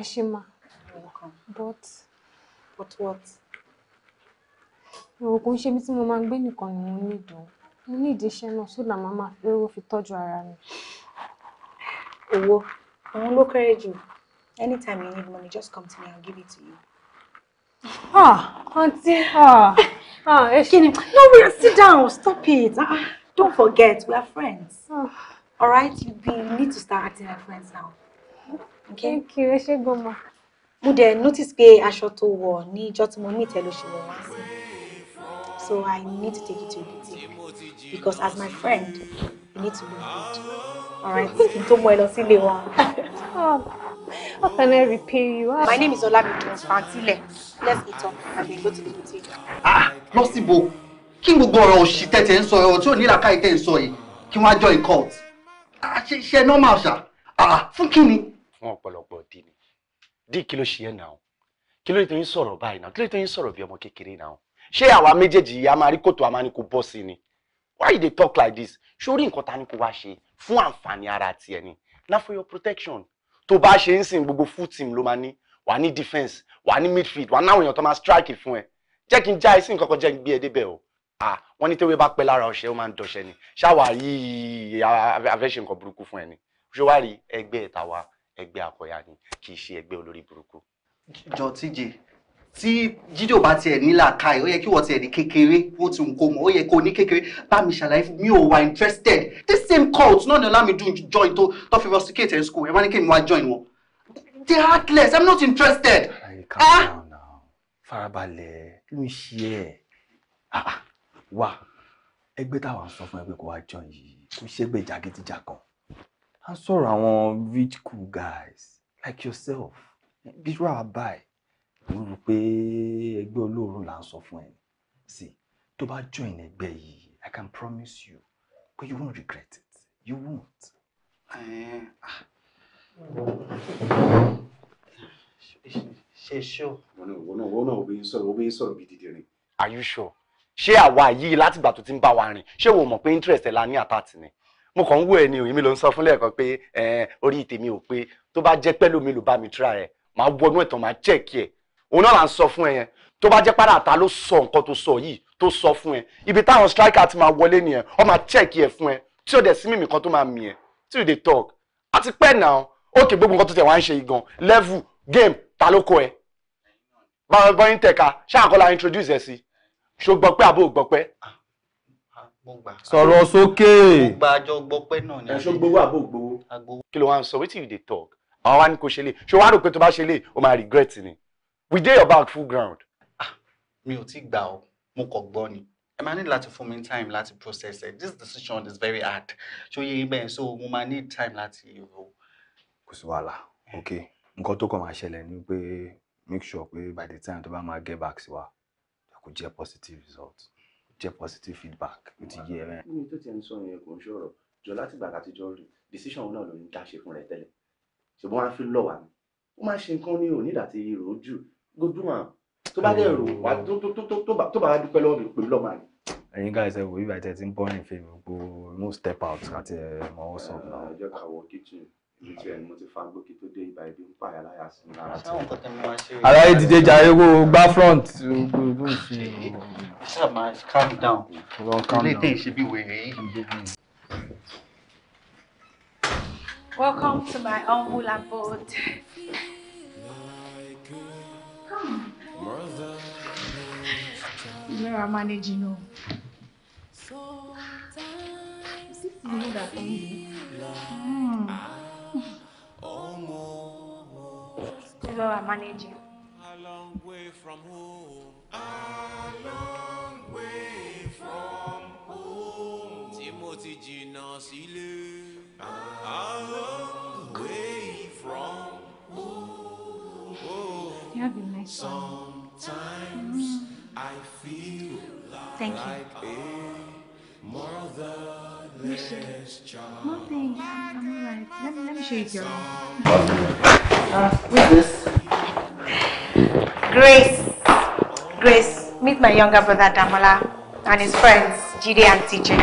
ẹ ṣe ma but. but what? ìwòkùn ṣe bí tí mo máa gbé nìkan ni mo ní ìdùn mo ní ìdí iṣẹ́ náà sódà máa máa fi owó fi tọ́jú ara mi. owó òun ló kéré jù anytime you need money just come to me and give it to you. ah aunty ah ah ẹ ṣe ni no wait sit down stop it ah, ah don't forget we are friends ah. all right you be You need to start acting like friends now. okay thank you ẹ Goma. Mude notice pé aṣọ tó wọ̀ ní ìjọ́ tí mo meet ẹ ṣe wọ̀ wá sí so i need to take it to the boutique because as my friend you need to be good alright kí n tó <laughs> How can I repay you? Ah. My name is Olamide Fantile. Let's eat up and then go to the boutique. Ah, lọ síbo. Kí gbogbo ọ̀rọ̀ òṣì tẹ̀tẹ̀ ń sọ ọ̀rọ̀ tí ò ní làákàyè tẹ̀ ń sọ yìí kí wọ́n á jọ ìcult. Ah, Ṣé ṣe normal ṣá? Ah, ah, fún kí ni? Fún ọ̀pọ̀lọpọ̀ dì ní. Dí kí ló ṣe ẹ́ náà? Kí ló tó ń sọ̀rọ̀ báyìí náà? Kí ló tó ń sọ̀rọ̀ bí ọmọ kékeré náà? Ṣé àwa méjèèjì yìí a máa rí kòtò àmàlí bọ́ sí ni? why you dey talk like this sórí nǹkan ta ni kò wá ṣe fún àǹfààní ara tiẹ̀ ni na for your protection to bá ṣe ń sìn gbogbo full team ló máa ní wà ní defence wà ní midfield wà náwọn èèyàn tó máa strike fún ẹ jẹ́ kí n já ẹsìn kankan jẹ́ gbé ẹ débẹ̀ o wọ́n ní tẹ́wé bá pẹ́ lára ọ̀ṣẹ́ ó máa ń dọ̀ṣẹ́ ni ṣáwa yìí afẹ́ṣe nǹkan burúkú fún ẹ ni ṣé wàá rí ẹgbẹ́ ẹ̀ta wa ẹgbẹ́ akọ̀yà ni kì í ṣe ẹgbẹ́ olórí burúkú. jọ tíje tí jíjò bá tiẹ̀ nílà ka ẹ̀ ó yẹ kí wọ́n tiẹ̀ ní kékeré ó ti ń kó mọ̀ ó yẹ kó ní kékeré bá mi ṣàlàyé fún mi ò wà interested this same cult náà ni Ọlámídùn join tó tó fi rusticate ẹ̀ school ẹ̀ wá ní kémi wá join wọn they are heartless i'm not interested. Ah! farabalẹ̀ kí ló ń ṣe ẹ̀ ah, ah, wá ẹgbẹ́ táwa sọ fún ẹ pé kó wá join yìí kó ṣẹ́gbẹ́ jàgídíjàgan à ń sọ̀rọ̀ àwọn rich cool guys like yourself bí ra àbáyé wọ́n rò pé ẹgbẹ́ olóró là ń sọ fún ẹ sí tó bá join ẹgbẹ́ yìí I can promise you but you won't regret it you won't. ṣe sure. wọn náà obìnrin sọ̀rọ̀ bíi dídì rìn. are you sure ṣé àwa yìí látìgbà tó ti ń bá wa rìn ṣé wò mọ̀ pé interest ẹ̀ la ní àtàtì ni mo kàn ń wò ẹ ni èmi ló ń sọ fún lẹ́ẹ̀kan pé orí tèmi ò pé tó bá jẹ́ pẹ́lú mi ló bá mi tíra ẹ̀ máa wọnú ẹ̀tàn máa check ẹ̀ òun náà là ń sọ fún ẹ yẹn tó bá jẹ́ padà ta ló sọ nǹkan tó sọ yìí tó sọ fún ẹ ibi táwọn striker ti máa wọlé nìyẹn ọ máa check yẹ fún ẹ tí ó dẹ̀ sí mímì kan tó máa mì ẹ tí ó dey talk àti pẹ́ náà ókè gbogbo nǹkan tó tẹ̀ wá ń ṣe yìí gan level game ta ló kọ ẹ báwo bọ́ yín tẹ̀ka ṣáà la introduce ẹ sí ṣó gbọ́ pé àbó gbọ́ pé. sọ̀rọ̀ sókè. gbogbo àjọ gbọ́ pé náà ni. ẹ ṣó gbowó gbowó. kí ló wá ń sọ wetin you dey talk àwọn wa ni kò ṣe lè ṣé wàá rò pé tó bá ṣe lè o máa regret ni we dey your back full ground. Ah, mi ò tí gbà ọ mo kàn gbọ́ ni ẹ máa ní láti fún mi time láti process it this decision is very hard ṣó yẹ bẹ́ẹ̀ so mo máa need time láti ro. kò sí wàhálà ok nǹkan tó kàn máa ṣẹlẹ̀ ni pé make sure pé by the time tó bá máa get back sí wa kò jẹ́ positive result jẹ́ positive feedback ó ti yé ẹ. nínú tó ti ń sọ yẹn kò ń ṣòro jọ láti gbàgbà àtijọ́ rí decision náà ló ń dá ṣe fún rẹ tẹ́lẹ̀ ṣùgbọ́n a fi lọ́wọ́ mi ó máa ṣe nǹkan ní òní ìdàtí ìròjú gbójúmọ̀ tó bá dẹ̀ rò wá tó bá dúpẹ́ lọ́wọ́ mi pẹ̀lú ọmọ rẹ̀. ẹ̀yin guys ẹ wò bí ti ń bọ́ ìfẹ́ gbogbo no step out àti ẹ̀mọ́ ọ̀sán ọjọ́ kan wọ kitchen ibi tí ẹni mo ti fa gbókè tó dé ibà ibi ń pààyà láyà sí i lára tí. aláyé dìde jàre wo gbá front. ṣáà máa calm down ilé tẹ̀ ń ṣe bí wèrè yìí. Welcome to my humble abode. You are managing, you know. Is it really that hungry? Mm. You are managing. A long way from home. A long way from home. Tí mo ti A long way. Sometimes I feel Thank like you. a motherless child. No thanks. I'm alright. Let, me let me show you your room. uh, who's this? Grace. Grace, meet my younger brother Damola and his friends, Jide and TJ.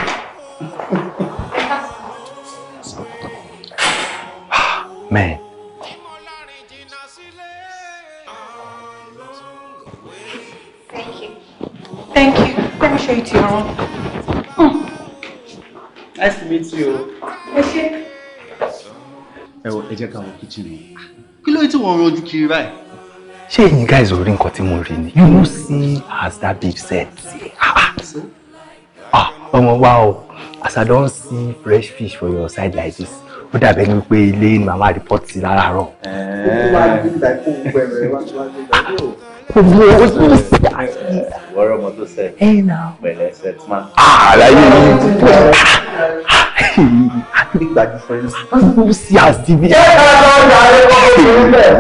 <laughs> Man. ṣe ti ọ̀rọ̀. nice to meet you. ẹ ṣe. ẹ wọ ẹ jẹ́ ká wọ kíchìn mi. kí ló dé tí wọ́n ń rojú kiri báyìí. ṣé ẹ̀yin guys ò rí nǹkan tí mo rí ni you know. see as that babe said. Ah, ah. ah, ọmọ wa o as i don't see fresh fish for your side like this ó dàbẹ́ ni pé ilé ni màmá report sí láràárọ̀. Eh. ó wá ní ìgbà tó ń gbẹ̀rẹ̀ wá sí wájú ìgbà ah. yóò ọ̀rọ̀ ọmọ tó sẹ pẹ̀lẹ́ sẹtìmá. Ah, àlàyé yìí ah, ah, àti ìgbà difference ó sì àti bí. jẹ́ ká lọ sí àárẹ̀ kọ́kọ́ tó ń bẹ̀.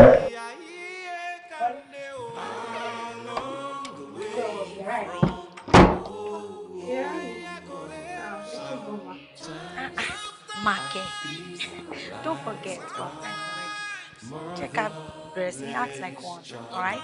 Market. Don't forget, well, check out dressing, act like one, alright?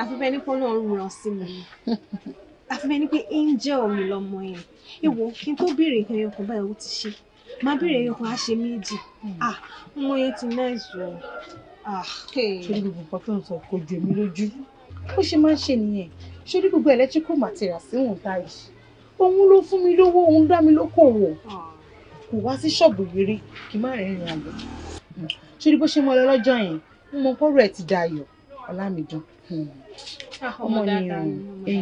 àfihàn ní pọ́n náà ràn sí mi àfihàn ní pé angel mi lọmọ yẹn èwo kí n tó béèrè nǹkan yẹn kan báyìí ó ti ṣe máa béèrè yẹn kan á ṣe méjì hmm. ah ọmọ yẹn ti náà zọ ah. ṣé gbogbo nǹkan tó ń sọ kò jù mí lójú bó ṣe máa ń ṣe nìyẹn ṣé ní gbogbo electrical material sí wọn ta yìí òun ló fún mi lówó òun dá mi lókòwò ah. kò wá sí ṣọ́ọ̀bù yìí rí kí n má rìn ìrìn àjò hmm. ṣé ní bó ṣe mọ ọ lọ́jọ́ yẹn mo mọ kọ́rọ̀ ẹ̀ ti dayọ̀ ọlámidùn. Hmm. Ah, ọmọ ni èèyàn ni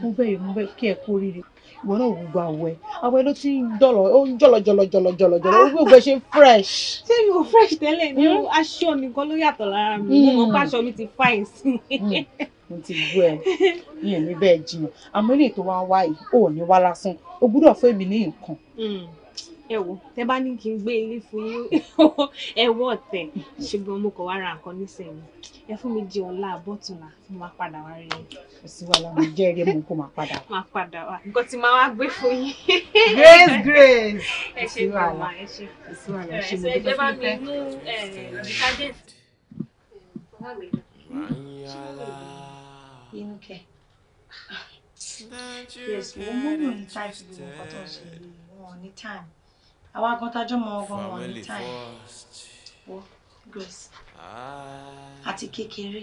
mo bẹ̀rẹ̀ mo bẹ̀rẹ̀ kí ẹ kú oríire ìwọ náà gbogbo àwọ̀ ẹ àwọ̀ ẹ ló ti ń ó ń jọ̀lọ̀ jọ̀lọ̀ jọ̀lọ̀ jọ̀lọ̀ jọ̀lọ̀ ó gbogbo ẹ ṣe fresh. ṣé mi ò fresh tẹ́lẹ̀ ni hmm? aṣọ mi gan ló yàtọ̀ lára mi hmm. mo mọ̀ pé aṣọ mi ti fà ẹ̀ sí i. Hmm. mo ti gbọ́ ẹ ní ẹ̀mí bẹ́ẹ̀ jiyàn àmọ́ ilé ètò wa ń wá yìí ò ní wá lásán o gbúdọ̀ fún èmi ní nǹkan ẹ wò tẹ bá ní kí n gbé ilé fún yín <laughs> ẹwọ ọtẹ ṣùgbọ́n mo kàn wá ra nǹkan nísìnyí ẹ fún mi di ọ̀la àbọ̀túnla mo máa padà wá rí yín. kò sí wàhálà mo jẹ́ eré mo kó máa padà wá. <laughs> máa padà wá nǹkan tí màá wá gbé fún yín. grace grace <laughs> kò sí wàhálà kò sí wàhálà ẹ ṣe mo dúpẹ́ fún àwa gan tajọ́ mọ ọgbọ́n wọn ní time wo Grace ah. àti kékeré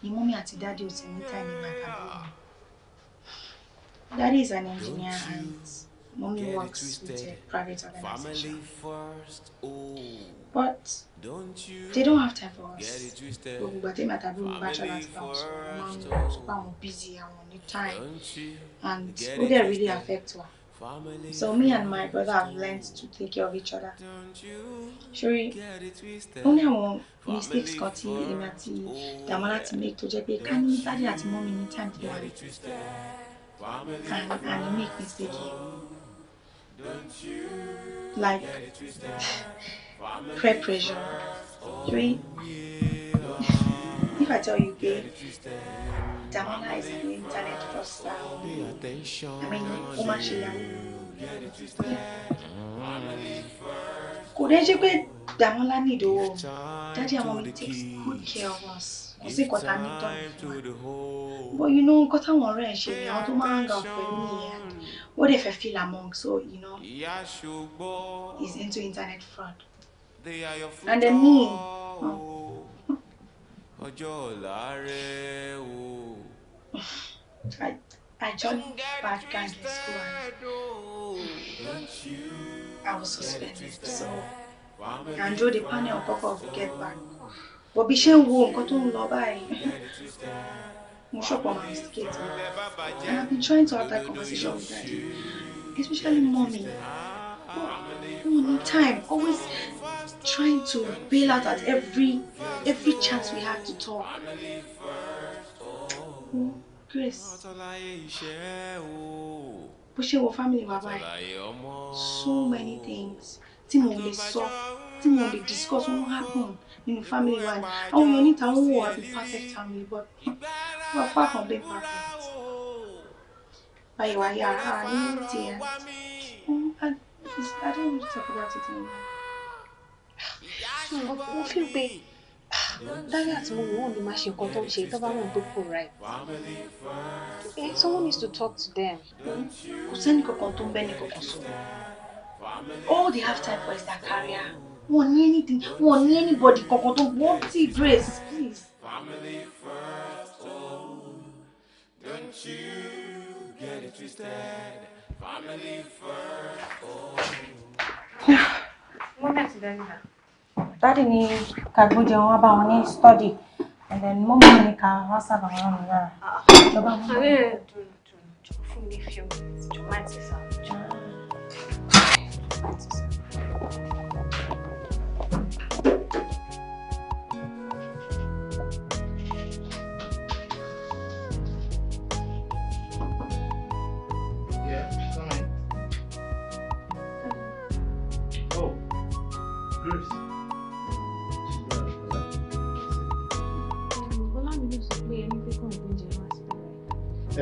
ni mọ́mí àti dáàdì ò ti ní time nígbà tàbí wọn. Daddy is an engineer and mommy works with a uh, private organization. Oh. But they don't have time for us. Gbogbo àti èmi àtàbí mi bachelor's bounce wọn máa ń sọ pé àwọn busy àwọn ní time and ó dẹ̀ really affect wa. So me and my brother have learned to take care of each other. Ṣorí only our mistakes mistakes in tí èmi àti Dàmọ́lá to make tó jẹ́ pé ká ní dádì àti mọ́mí ní time tí wọ́n and and make mistake. Like peer pressure. Ṣorí <laughs> if I tell you pé demonize the internet first now. I mean, woman ṣe yà kò dẹ́ ṣe pé Dàmọ́lá need owó daddy and mommy takes good care of us kò sí kọta ní tọ́ but you know nǹkan táwọn ọ̀rẹ́ ẹ̀ ṣe ni àwọn tó máa What if I feel among so you know he's into internet fraud and then me. Oh, ọjọ́ ọ̀la rẹ o. I, jumped back bad gang school and oh. I was suspended so I enjoyed the panel kọ́kọ́ get back bọ̀bí ṣe ń wo nǹkan tó ń lọ I'm mo ṣọ̀pọ̀ my skate and I've been trying to have that conversation with daddy especially mommy but oh, no time always trying to bail out at every every chance we had to talk. Oh, Grace. Bó ṣe wọ family wa báyìí, so many things tí mo lè sọ, tí mo lè discuss wọ́n happen nínú family wa. Àwọn èèyàn níta wọ́n wọ̀ àbí perfect family but we are far from being perfect. Báyìí wá yára, àní ti ẹ̀. I don't want to talk about it anymore mo fi ń pe ah, láyé àti mo mìíràn ni máa ṣe nǹkan tó ń ṣe tó bá mọ̀ pé kò right. Eh, someone needs to talk to them. kò sẹ́ni kankan tó ń bẹ́ni kankan sọ̀rọ̀ all they have time for is their career wọn ní anything wọn ní anybody kankan tó wọ́n ti grace please. Family first, oh, don't you get it twisted. Family first, oh. Mọ́mí dáàdì ni ká gbójẹ wọn bá wọn ní study and then mọ́mọ́ ni ká wọ́n sábà wọn rìn lára. àbẹ́rẹ́ dùn dùn jọ fún mi fi omi jọ máa ti sàrò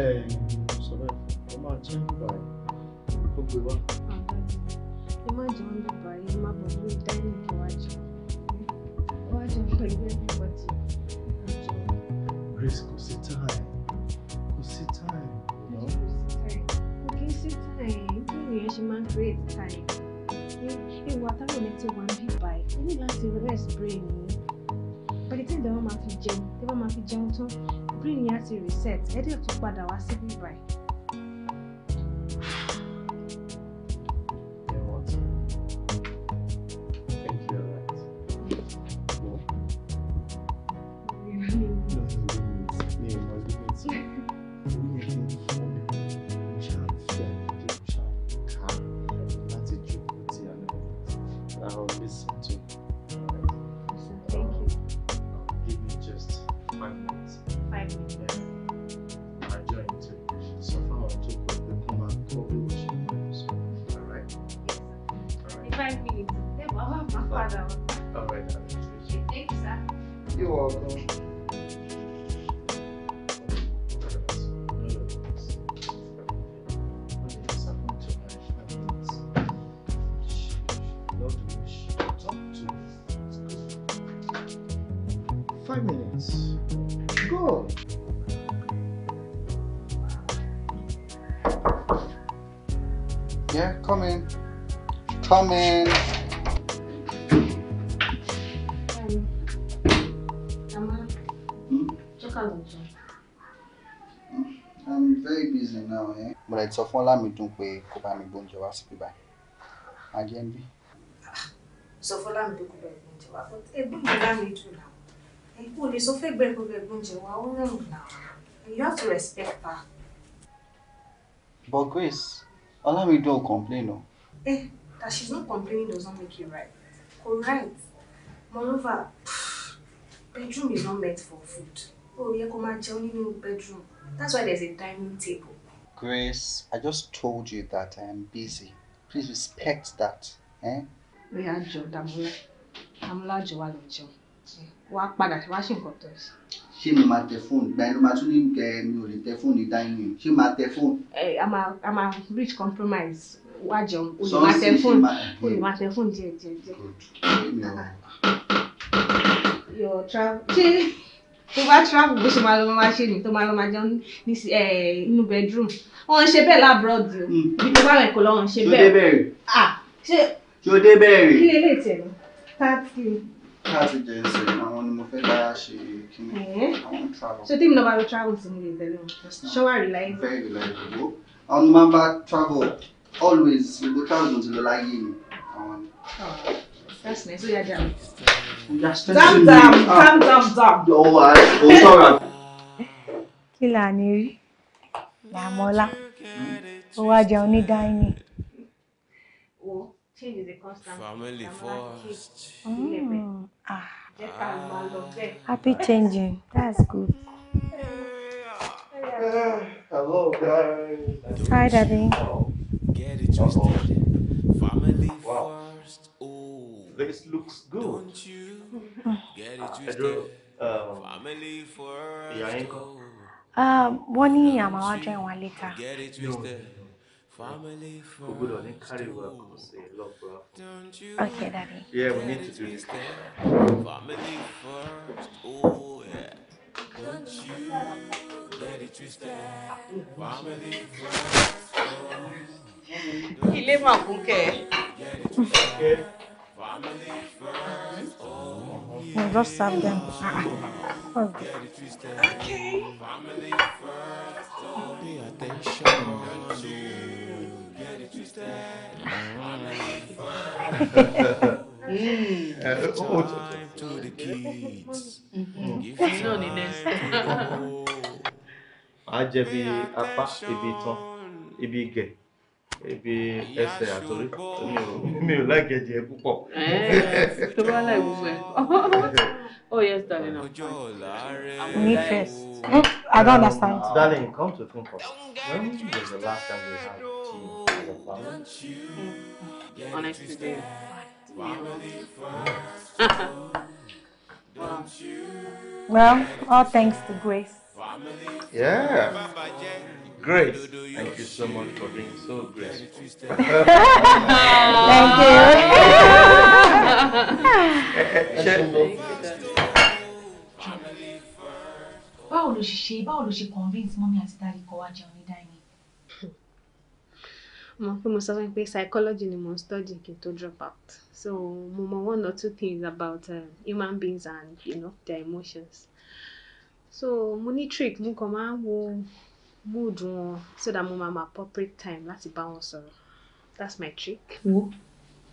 ẹ sọ̀rọ̀ ọ máa jẹ́ ìgbà yìí ó gbé wá. ẹ má jẹun ní ìgbà yìí má bọ̀ lórí dání ìwájú ìwájú pẹ̀lú ẹ̀kọ́ time kò sí time. kò kí time bí ènìyàn ṣe máa ń create time ìwà táwọn mi ti wà ń bí báyìí ó ní láti rest brain yìí pẹ̀lú tí ìdáwọ́ máa fi jẹun gym wọ́n máa fi jẹun tán. Green yẹn á ti reset ẹ dẹ̀ tún padà wá síbí báyìí. Coming. I'm very busy now, eh? But it's sọ fún Ọlámidùn pé kó bá mi gbóúnjẹ wá síbí báyìí. Má jẹ́ ń bí. Sọ fún Ọlámidùn kó bá mi gbóúnjẹ wá. But mi Ọlámidùn náà. Ẹ̀kú ò lè sọ fún ẹgbẹ́ kó bá mi gbóúnjẹ wá. Ó rẹ̀ You have to respect her. But Grace, Ọlámidùn to complain o. Eh, That she's not complaining does not make it right. Correct. Moreover, bedroom is not meant for food. Oh, yeah, come and join in bedroom. That's why there's a dining table. Grace, I just told you that I am busy. Please respect that. Eh? We are Joe Damola. Damola Joe Alonjo. Wá padà wá ṣe nǹkan tó ṣe. Ṣé mi máa tẹ fóònù? Gba ẹnu máa tún ní kẹ eh, mi ò lè tẹ fóònù dání mi. Ṣé eh, a I'm a máa reach compromise wá jẹun o lè máa tẹ fóònù o díẹ̀ díẹ̀ díẹ̀. your travel ṣé tó bá travel bó ṣe máa lọ máa ṣe ni tó máa lọ máa jẹun ní inú bedroom wọn ń ṣe bẹ́ẹ̀ lábúrọ̀d hmm. bí tó bá rẹ̀ kó lọ́wọ́ ń ṣe bẹ́ẹ̀ ṣé ṣé o dé bẹ́ẹ̀ rí kí lè lè tẹ̀ lọ táàtì káàtì jẹ ẹsẹ àwọn ni mo fẹ́ bá ṣe kíni àwọn travel. ṣé tí mi náà bá lọ travel sí mi lè tẹ̀lé wọn ṣọwárì láyé. very reliable àwọn ni máa ń bá travel always gbogbo táwọn ti lọ láyé ni àwọn ni. That's nice. So yeah, damn. Damn, damn, damn, damn, damn. Oh, I, oh, sorry. Kí là ní rí? Làmọ́lá. Ó wá jẹun ní change is a constant. Family first. Mm. Ah. Happy changing. That's good. Eh, hello, guys. Hi, Daddy. Oh twisted. Uh -oh. Family wow. first. Oh, this looks good. Don't you get it twisted. Uh, Family first. Yeah, oh. uh, wọ́n ní àmà wá jẹ́ ìwọ̀n létà. Family first. Oh. Eh, okay, daddy. Yeah, we need to do this. Family first. Oh, yeah. Don't you get it twisted. Family first. Oh ilé mà kún kẹ. I just serve them. Okay. Pay attention. Get it twisted. Time to the kids ebi ẹsẹ̀ àtòrí mi ò láìkẹjẹ ẹ púpọ̀. Eh, tó bá láì wúwo ẹ <laughs> oh yes darling i'm me first i don't understand. darling come to think of when was the last time you had tea as a family. Mm. honestly dear. <laughs> well all thanks to grace. yeah. Great! Thank you so much for being so graceful. <laughs> Thank you. Báwo ló ṣe ṣe báwo ló ṣe convince mọ́mí àti dáàdì kọ́ wá jẹun ní dáìní? Mo fún mo sọ fún pé psychology ni mo ń study kí n tó drop out. So mo mọ one or two things about uh, human beings and you know, their emotions. So mo ní trick mo kàn máa ń wo mood wọn so that mo máa ma appropriate time láti bá wọn sọ̀rọ̀ that's my trick. wo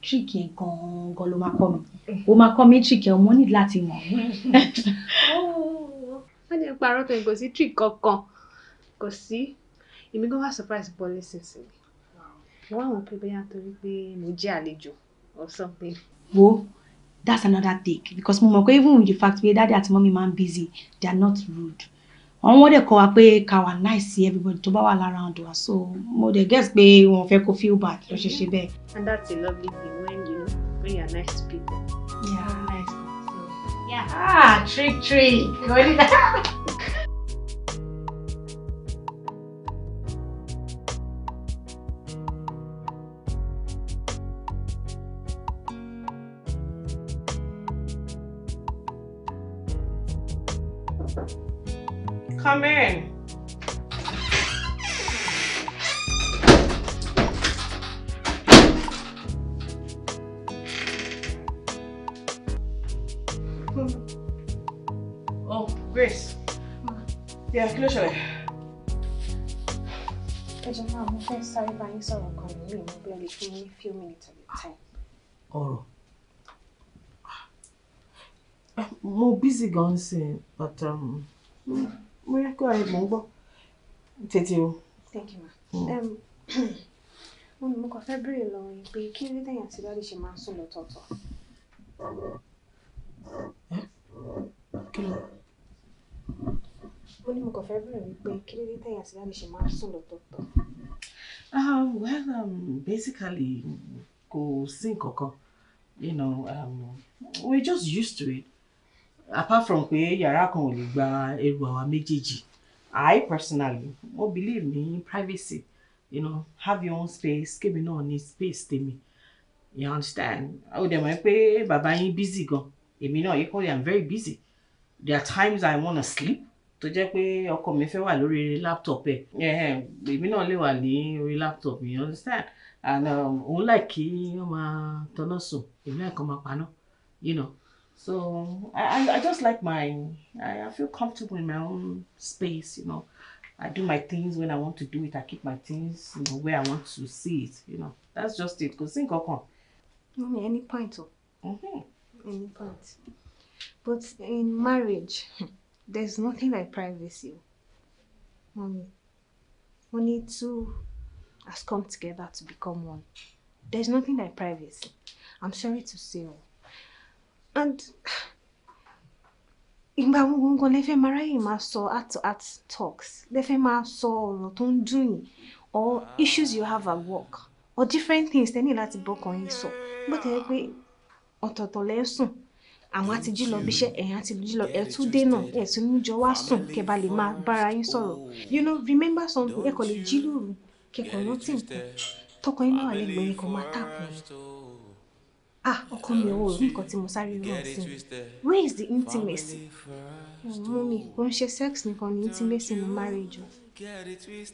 trick yẹn gan-an gan ló máa kọ́ mi eh. ó máa kọ́ mi trick yẹn wọ́n ní láti mọ̀. <laughs> Oh, wọ́n ní ipa arọ́tọ̀ kò sí trick kankan kò sí èmi gan wá surprise bọ́ọ̀lù sísìn mo wá wọn pé bóyá torí pé mo jẹ́ àlejò or something. wo that's another take because mo mọ̀ pé even with the fact pé daddy àti mummy máa ń busy they are not rude àwọn wọ́n dẹ̀ kọ́ wa pé ká wà nice everybody tó bá wà lára round wa so mo dẹ̀ guess pé wọ́n fẹ́ kó feel bad ló ṣe ṣe bẹ́ẹ̀. and that's a lovely thing when you know when you are nice to people. yeah nice. So, yeah. ah trick trick. <laughs> Come in. Oh, Grace. Yeah, kí ló ṣẹlẹ̀? Ẹjọ́ máa mú fẹ́ sáré bá yín sọ̀rọ̀ kan nínú ìmọ̀ bí ẹ few minutes of your time. I'm ah, more busy gan-an but um, mo yẹ kó ẹ mọ̀ ń gbọ́ tètè o. thank you ma. Hmm. <clears throat> mo ní mo kàn fẹ́ béèrè lọ yín pé kí ló dẹ̀yìn àti dáàdì ṣe máa ń sùn lọ́tọ̀ọ̀tọ̀. mo ní mo kàn fẹ́ béèrè wípé kí ló dẹ̀yìn àti dáàdì ṣe máa ń sùn lọ́tọ̀ọ̀tọ̀. Um, well um, basically kò sí nǹkan kan you know um, we're just used to it apart from pé yàrá kan ò lè gba ẹrù àwa méjèèjì i personally mo believe in privacy you know have your own space kébì náà ní space tèmi you understand ó dẹ̀ mọ̀ pé bàbá yín busy gan èmi náà yìí kọ́lé i'm very busy there are times i wanna sleep tó jẹ́ pé ọkọ mi fẹ́ wà lórí laptop ẹ̀ èmi náà lè wà ní orí laptop you understand and um, òun láì kí wọ́n máa tọ́nà sùn èmi láì kàn máa paná you know So I, I just like my, I, I feel comfortable in my own space, you know. I do my things when I want to do it. I keep my things, you know, where I want to see it, you know. That's just it. Because think i Mommy, any point, oh? Mm-hmm. Any point. But in marriage, there's nothing like privacy. Mommy, we need to has come together to become one. There's nothing like privacy. I'm sorry to say, oh. and ìgbà gbogbo nǹkan lè fẹ́ máa ráyè máa sọ at to talks lè fẹ́ máa sọ ọ̀rọ̀ tó ń or issues you have at work or different things tẹ́ ní láti bọ́kàn yín sọ bó tẹ́ pé ọ̀tọ̀ọ̀tọ̀ lẹ́ sùn àwọn àti jí lọ bí iṣẹ́ ẹ̀yìn àti jí lọ ẹ̀ tún dé náà ẹ̀ tún ní jọ wá sùn kẹ́ lè máa bára yín sọ̀rọ̀ you know remember something ẹ kò lè jí lóru kẹ́kọ̀ọ́ rántí nǹkan tọkọ yín náà wà lẹ́gbẹ̀ẹ́ yín kò máa tààpù ah ọkọ mi ò rí nǹkan tí mo sáré rán sí where is the intimacy Mummy, when she ń ṣe sex nìkan ni intimacy no marriage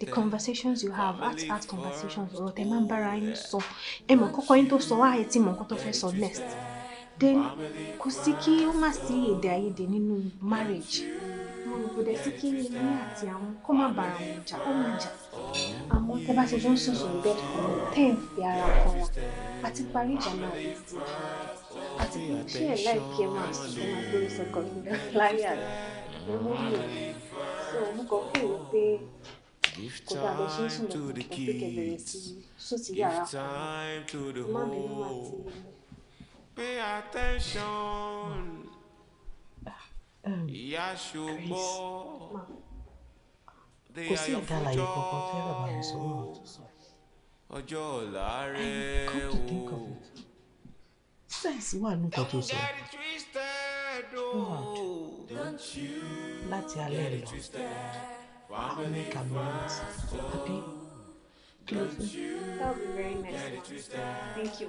the conversations you have heart to heart conversations ọ̀rọ̀ tẹ máa ń bára yín sọ ẹ mọ̀ kọ́kọ́ yín tó sọ wá ẹ ti mọ̀ nǹkan tó fẹ́ sọ next then kò sí kí ó má sí èdè àìyedè nínú marriage mo rò kò dẹ̀ sí kí ilé àti àwọn kó má bára wọn jà ó má oh àmọ́ tẹ bá ṣe jọ ń sùn sùn bẹ́ẹ̀ kan tẹ́ fi ara kan ra àti parí ìjà náà àti pé ṣé ẹ̀ láìkí ẹ máa sùn fún lórí sọkọ nígbà láyé àná ló mú mi ò sọ mú kọ pé ò pé kò dà bẹ ṣe ń sùn lọ pé kẹ̀kẹ́ bẹ̀rẹ̀ sí yàrá kan má mi ní wà tí. Pay attention. Ìyá ṣùgbọ́n kò sí nǹkan àlàyé kankan tí bàbá mi sọ náà tó sọ. ọjọ́ ọ̀la rẹ̀ o. sẹ́ǹsì wà nǹkan tó sọ. lord oh. láti alẹ́ lọ àwọn mẹ́ka mi wọ́n àbí. That would be very nice. Thank you,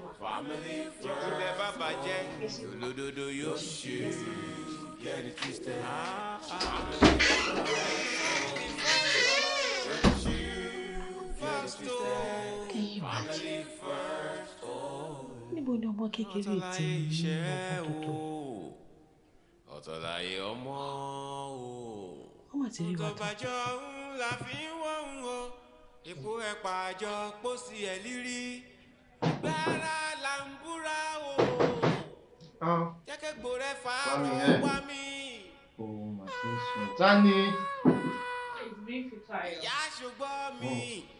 níbo ni ọmọ kékeré ti ní ọkọ tó ọ̀tọ̀láyé ọmọ o ọmọ ti rí wàtò tó la fi ń wọ́n o èpo ẹ̀ pàjọ pósí là ń búra o ah. jẹ́kẹ́gbò rẹ̀ fà á lọ wá mi. ta ni. ìyá ṣùgbọ́n mi. Oh.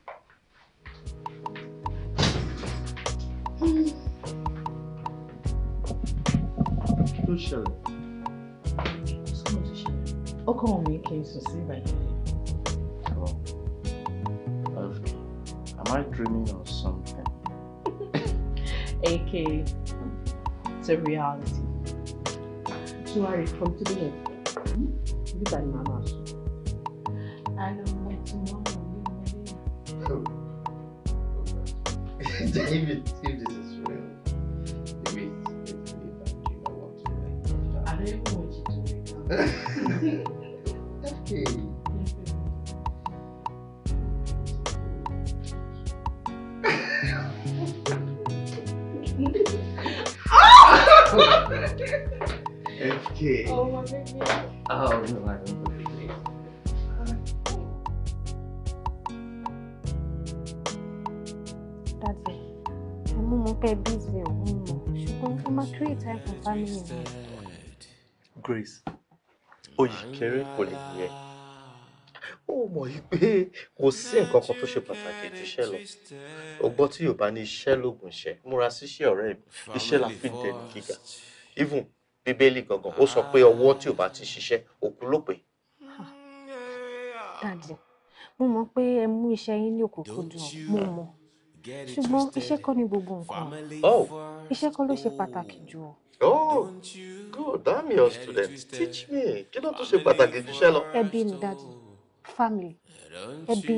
ló ṣẹlẹ̀. ọkọ mi kì í sùn sí ìbàdàn. Oh. Am I dreaming of something? AK, it's a reality. So I come to the next. Look at my mouth. I don't want to know. David, David. wípé kò sí nǹkan kan tó ṣe pàtàkì ju iṣẹ́ lọ ọgbọ́n tí yóò bá ní iṣẹ́ lóògùn iṣẹ́ múra síṣẹ́ ọ̀rẹ́ mi iṣẹ́ la fi dẹni gíga even bíbélì gangan ó sọ pé ọwọ́ tí ò ti ṣiṣẹ́ òkú ló pé. dadi mo mọ pé ẹ mú iṣẹ́ yín ní òkùnkùn dùn mo mọ ṣùgbọ́n iṣẹ́ kọ́ ni gbogbo nǹkan oh. iṣẹ́ kọ́ ló ṣe pàtàkì jù ọ. Oh, good. I'm your student. Teach me. Kí ló tún ṣe pàtàkì jù iṣẹ́ lọ? Ẹbí mi, dadi. Family ẹbí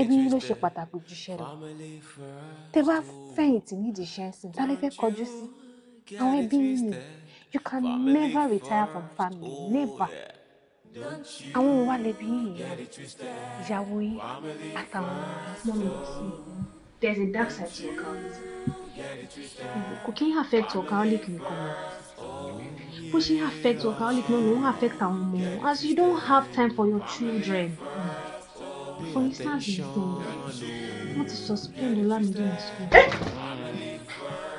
ẹbí ló ṣe pàtàkì ju iṣẹ́ lọ tẹ bá fẹ̀yìntì nídìí iṣẹ́ ẹ̀sìn tá lè fẹ́ kọjú sí àwọn ẹbí yìí you can never retire from family oh, never àwọn òun wà lẹbi yìí ìyàwó yìí àtàwọn ọmọ mi sí there is a dark side to alcoholism kò kí n affect alcoholic nìkan mọ́ bó ṣe affect your náà ló ń affect àwọn ọmọ as you don't have time for your children. Mm for instance ìsìn wọn ti suspend olamide in school eh?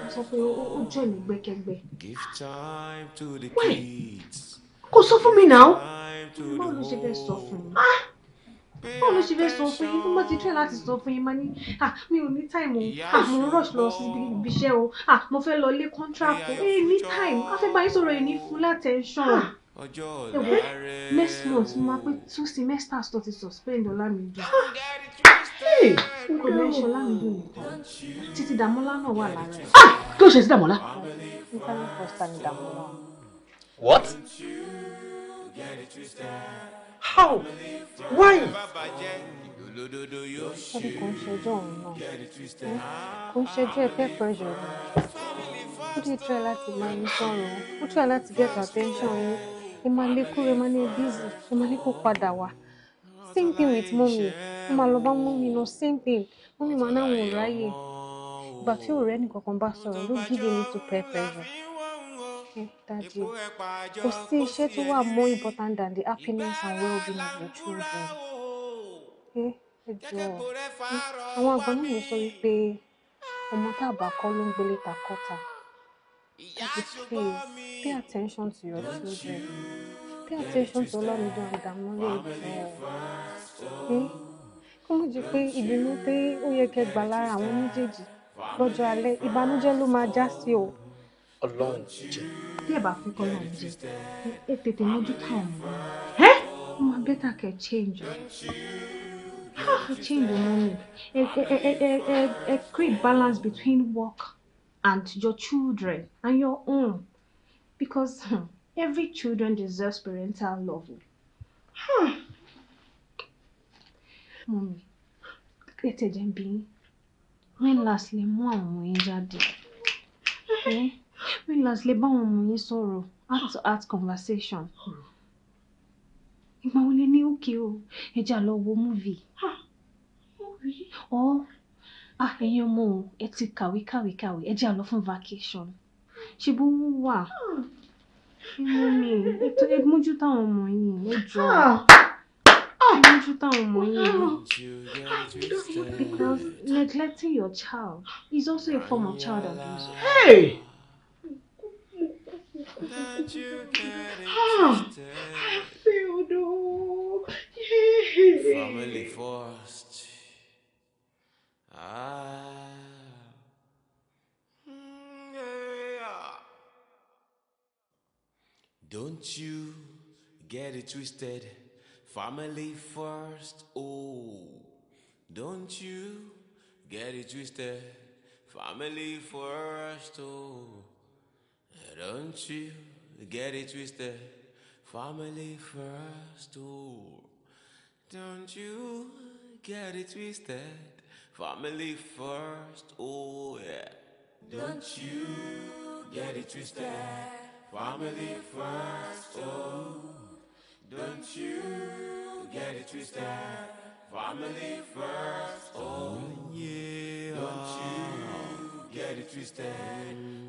wọn sọ pé ó jẹ́ ìlú gbẹ́kẹ́gbẹ́ wẹ́ẹ̀ kò sọ fún mi náà báwo ló ṣe fẹ́ sọ fún mi ah! báwo ló ṣe fẹ́ sọ fún yín tó bá ti tẹ́ láti sọ fún yín máa ní ah, mi ò ní time o ah, mo rush lọ sí ibi iṣẹ́ o mo fẹ́ lọ lé contract o eh, ní time a sọ̀rọ̀ ẹ̀ ní full attention ọjọ́ ọ̀la rẹ̀. next month mo máa pé two semesters tó ti suspend ọlámídùn. n kò lè ṣe ọlámídùn nìkan títí dàmọ́lá náà wà lára rẹ̀. Ah, kí ló ṣe sí dàmọ́lá. internet first time dàmọ́lá. what? how? why? ẹni kò ń ṣẹjọ́ òun náà kò ń ṣẹjọ́ ẹ̀fẹ́ pressure rẹ̀ ó dé try láti máa ní sọ̀rọ̀ ó try láti get attention yín ẹ máa lé kúrò ẹ same thing with mommy. wọ́n máa lọ bá same thing mummy máa náà But ráyè ìgbà tí ọ̀rẹ́ nìkankan bá sọ̀rọ̀ ló gídé mi to pay pressure dájú kò sí iṣẹ́ tó wà more important than the happiness and well-being of your children eh, ẹ jọ àwọn àgbà náà ló you wípé ọmọ tá a bá kọ́ ló ń gbélé ta kọ́ta. Please, pay attention to your children. Pay attention to Ọlọ́mìdún Àdàmúlé ìtàn. Kó mọ̀ jẹ́ pé ìbínú pé ó yẹ kẹ́ gbà lára àwọn méjèèjì lọ́jọ́ alẹ́ ìbànújẹ́ ló máa já sí o. Ọlọ́run jẹ́. Bí ẹ bá fẹ́ kọ́ Ọlọ́run jẹ́, ẹ tètè mójútó àwọn ọmọ. Ẹ́ ó máa bẹ́tà kẹ́ change o. Ah, change the money. Ẹ ẹ ẹ ẹ ẹ create balance between work and your children and your own because hmm, every children deserves parental love. Huh, Mọ̀mí, ètè jẹ́ be. when last lè mú àwọn ọmọ yín mm-hmm. eh? When last lè bá àwọn ọmọ yín sọ̀rọ̀ heart to heart conversation? Ìgbà wo lè ní òkè o? Ẹ jà lọ wo múvì. Ah, Or ah ẹ̀yin ọmọ o ẹ ti kàwé kàwé kàwé ẹ jẹ́ à fún vacation ṣe bó ń wà ṣé mi ẹ mójú táwọn ọmọ yìí ẹ jọ ah! ẹ táwọn ọmọ yìí ah! because neglecting your child is also a form of child abuse. Hey! Ah! Family first. Ah. Don't you get it twisted, family first. Oh, don't you get it twisted, family first. Oh, don't you get it twisted, family first. Oh, don't you get it twisted. Family first, oh yeah. Don't you get it twisted. Family first, oh. Don't you get it twisted. Family first, oh yeah. Don't you get it twisted.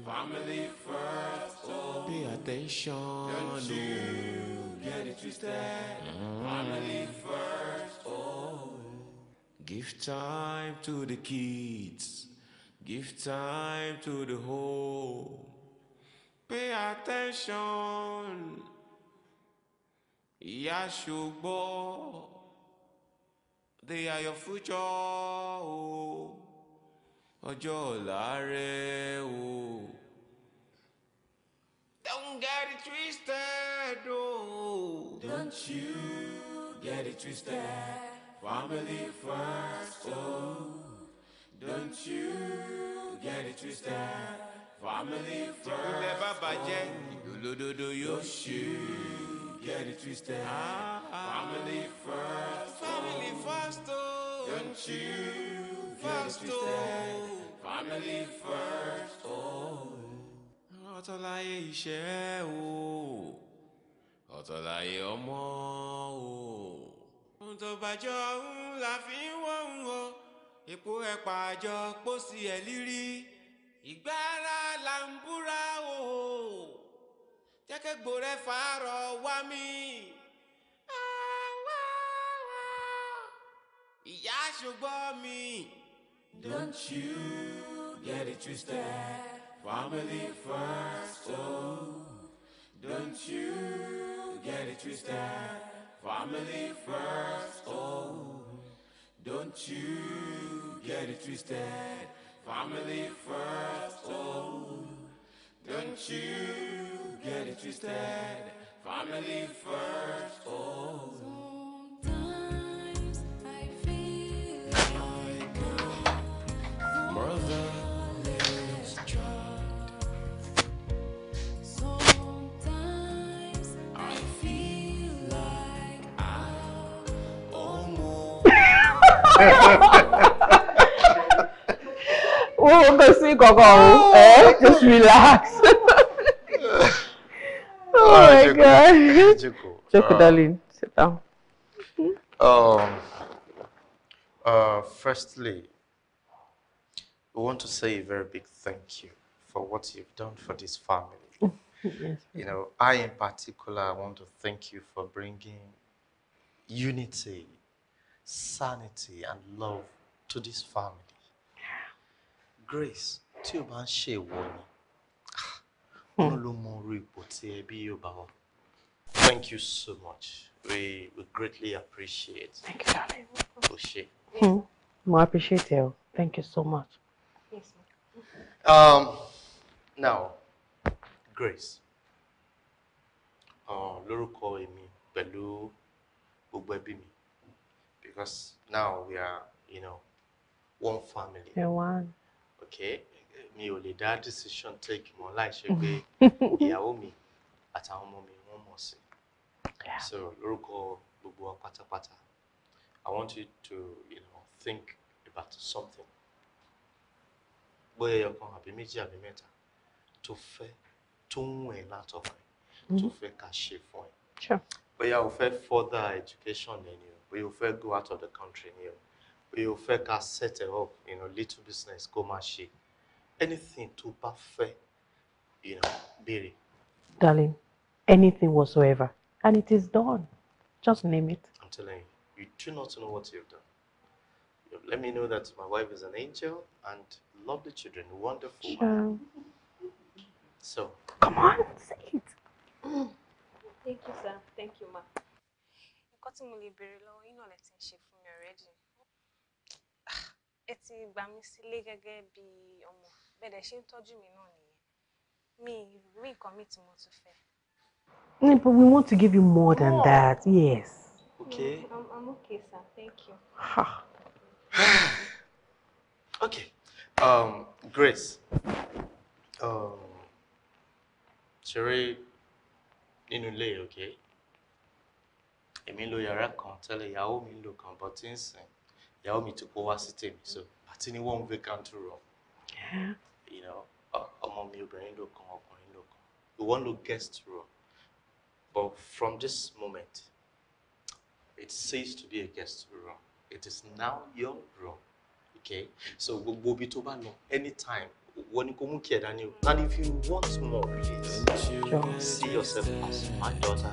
Family first, oh. Pay attention, don't you oh. get it twisted. Family first. Give time to the kids. Give time to the whole. Pay attention. Yashubu, They are your future. Ọjọ́ lare. Don't get it twisted, oh. Don't you get it twisted. Family first, oh, don't you get it twisted. Family first, oh! budget. Ìdòlódodo yóò ṣe. Get it twisted. Ah, ah. Family first, oh. family first, oh, don't you first, oh, family first, oh. Ọ̀tọ̀ láyé iṣẹ́ o, oh. ọ̀tọ̀ ọmọ o. Oh. tó bàjọ́ ń la fi ń wọ́n o èpo ẹ̀ pàjọ pósí ẹ̀ lírí ìgbára là ń búra o jẹ́kẹ́gbò rẹ̀ fàárọ̀ wá mi. ìyá ṣùgbọ́n mi. Don't you get it twisted, family first, oh. Don't you get it twisted. Family first, oh, don't you get it twisted. Family first, oh, don't you get it twisted. Family first, oh. wo kò sí just relax. oh my god jókòó darling sit down. Um, uh, firstly, we want to say a very big thank you for what you've done for this family. <laughs> yes, you know, I in particular want to thank you for bringing unity sanity and love to this family. Grace, tí o bá ń ṣe ìwọ ni, ah, wọ́n ló mọ orí ipò tí ẹbí yóò bá wà. Thank you so much. We, we greatly appreciate. Thank you, darling. O ṣé. Hmm. Mo appreciate you. Thank you so much. Yes, ma'am. Um, now, Grace, uh, lórúkọ èmi pẹ̀lú gbogbo ẹbí mi because now we are you know one family. The one. okay mi ò lè dá decision take mọ́ láì ṣe pé <laughs> ìyàwó mi àtàwọn ọmọ mi wọ́n mọ̀ sí so lórúkọ gbogbo wa pátápátá i want you to you know think about something bóyá ẹyọkan àbí méjì àbí mẹ́ta tó fẹ́ tó ń wẹ̀ látọkàn tó mm-hmm. fẹ́ ká ṣe fún ẹ bóyá o fẹ́ further education ẹni We will first go out of the country here. We will o fẹ́ set it up you know, little business kó anything tó perfect. you know, béèrè. darling anything whatsoever and it is done just name it. I'm telling you you do not know what you've done. You let me know that my wife is an angel and love the children wonderful. Sure. So come on say it. Thank you, sir. Thank you, ma. nǹkan tí mo lè béèrè lọ́wọ́ yín náà lẹ ti ń ṣe fún mi already ẹ ti gbà mí sílé gẹ́gẹ́ bí ọmọ bẹ́ẹ̀ dẹ̀ ṣe ń tọ́jú mi náà nìyẹn mi rí nǹkan mi tí mo tún fẹ́. No, but we want to give you more than oh. that, yes. Okay. Mm, I'm, I'm okay, sir. Thank you. <sighs> okay. Um, Grace. Um, ṣeré nínú ilé, okay? èmi ń lo yàrá kan tẹ́lẹ̀ ìyàwó mi ń lo kan but tí ń sìn ìyàwó mi ti kó wá sí tèmi so àti ní one vacant room you know ọmọ mi obìnrin ló kan ọkùnrin ló kan we wan lo guest room but from this moment it ceased to be a guest room it is now your room okay so gbogbo ibi tó bá lọ anytime wọ́n ní kó mú kí ẹ̀ dání o and if you want more please see yourself as my daughter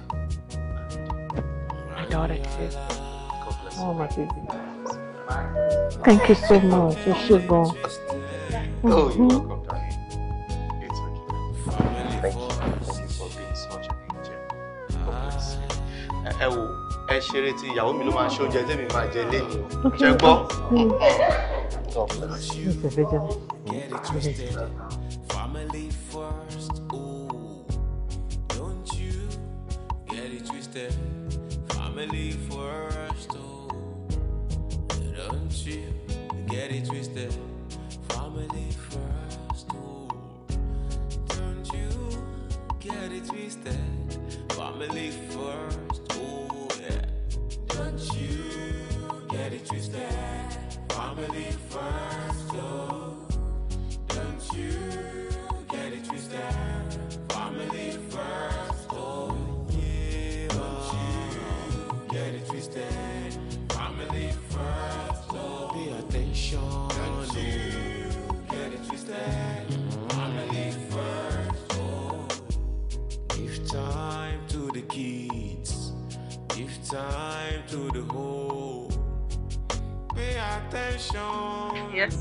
daughter too. Oh, my baby. Thank you so much. You should go. Mm-hmm. Oh, you're mm-hmm. welcome, darling. It's okay. Thank you. Thank you for being such an angel. God bless you. Ẹ wo ẹ ṣeré tí ìyàwó mi ló máa ṣe oúnjẹ tẹ́mi máa jẹ lé mi. Ṣé gbọ́? God bless you. belief.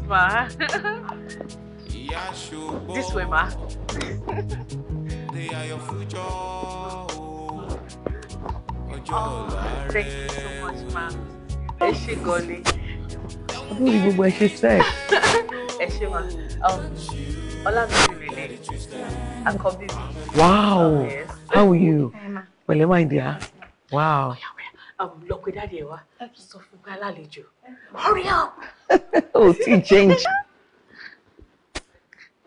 ma. this way, ma. they are your future. Oh, thank you so much, ma. Ẹ ṣé gan ni. Bó ni gbogbo ẹ ṣe sẹ́? Ẹ ṣé ma. Ọlábìsí mi ni. Akọ̀bí mi. Wow! Yes. How are you? Pẹ̀lẹ́ am I dìá. Wow. Oh, yeah lọ with dáàdì ẹ wá sọ fún my alálejò hurry up. <laughs> Oh, ti change. <laughs>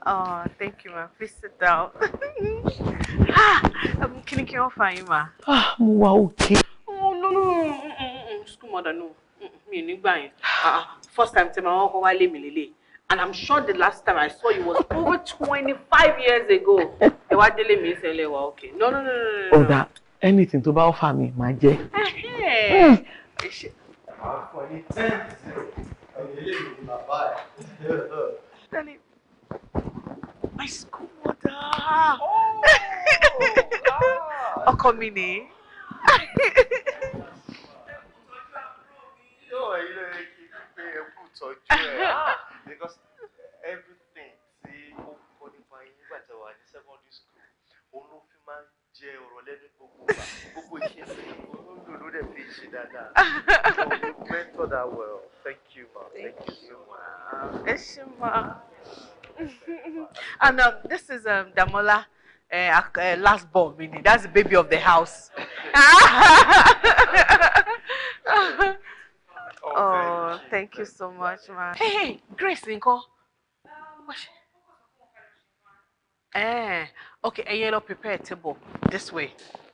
Oh, thank you, ma. Please sit down. <laughs> ah, I'm ni you wọ́n fa yín ma? Ah, mo wà òkè. Oh, no, no, mm, mm, mm, school mother, no. Mi ò ní gbà yín. Ah, ah, first time tí màá kọ́ wá lé mi lélẹ̀. And I'm sure the last time I saw you was over 25 years ago. Ẹ wá délé mi ìṣẹ̀lẹ̀ wa, okay. No, no, no, no, no. Ọ̀gá, anything to buy for me, my jẹ. Danny, my school mother. Oh. mi ni. Yóò ẹ̀yin ló yẹ kí n pé ẹkú tọ́jú ẹ̀ ah, because everything tí ó kọ́ nípa yín nígbà tí a wà ní secondary school òun ló fi máa ń jẹ ọ̀rọ̀ lẹ́nu <laughs> thank you ma thank, you so much. <laughs> and um, this is um, Damola. Uh, uh, last born, meaning that's the baby of the house. <laughs> Oh, thank, oh, thank you so much, ma. Hey, hey, Grace inko. Eh, okay, and you know, prepare a table this way.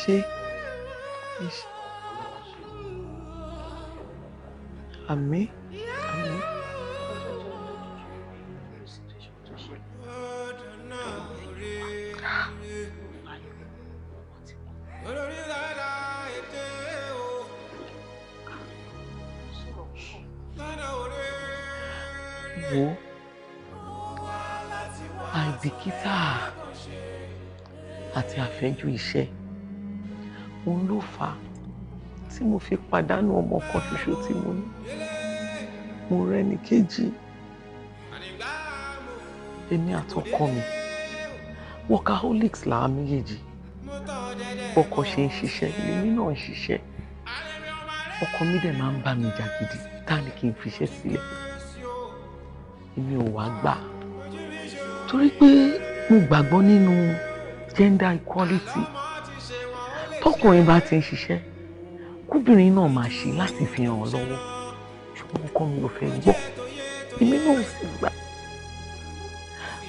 ṣe àmì àmì. wo àìbìkítà àti àfẹ́jù iṣẹ́ òun ló fà á tí mo fi pàdánù ọmọ kan ṣoṣo tí mo ní mo rẹni kejì èmi àtọkọ mi workaholics làá méjèèjì ọkọ ṣe ń ṣiṣẹ́ èmi náà ń ṣiṣẹ́ ọkọ mi dẹ̀ máa ń bá mi jà gidi tá ni kí n fiṣẹ́ sílẹ̀ èmi ò wá gbà torí pé mo gbàgbọ́ nínú. No gender equality tọkùnrin bá ti ń ṣiṣẹ́ kóbìnrin náà máa ṣe láti fi hàn lọ́wọ́ ṣùgbọ́n ọkọ mi ò fẹ́ gbọ́ èmi náà sì gbà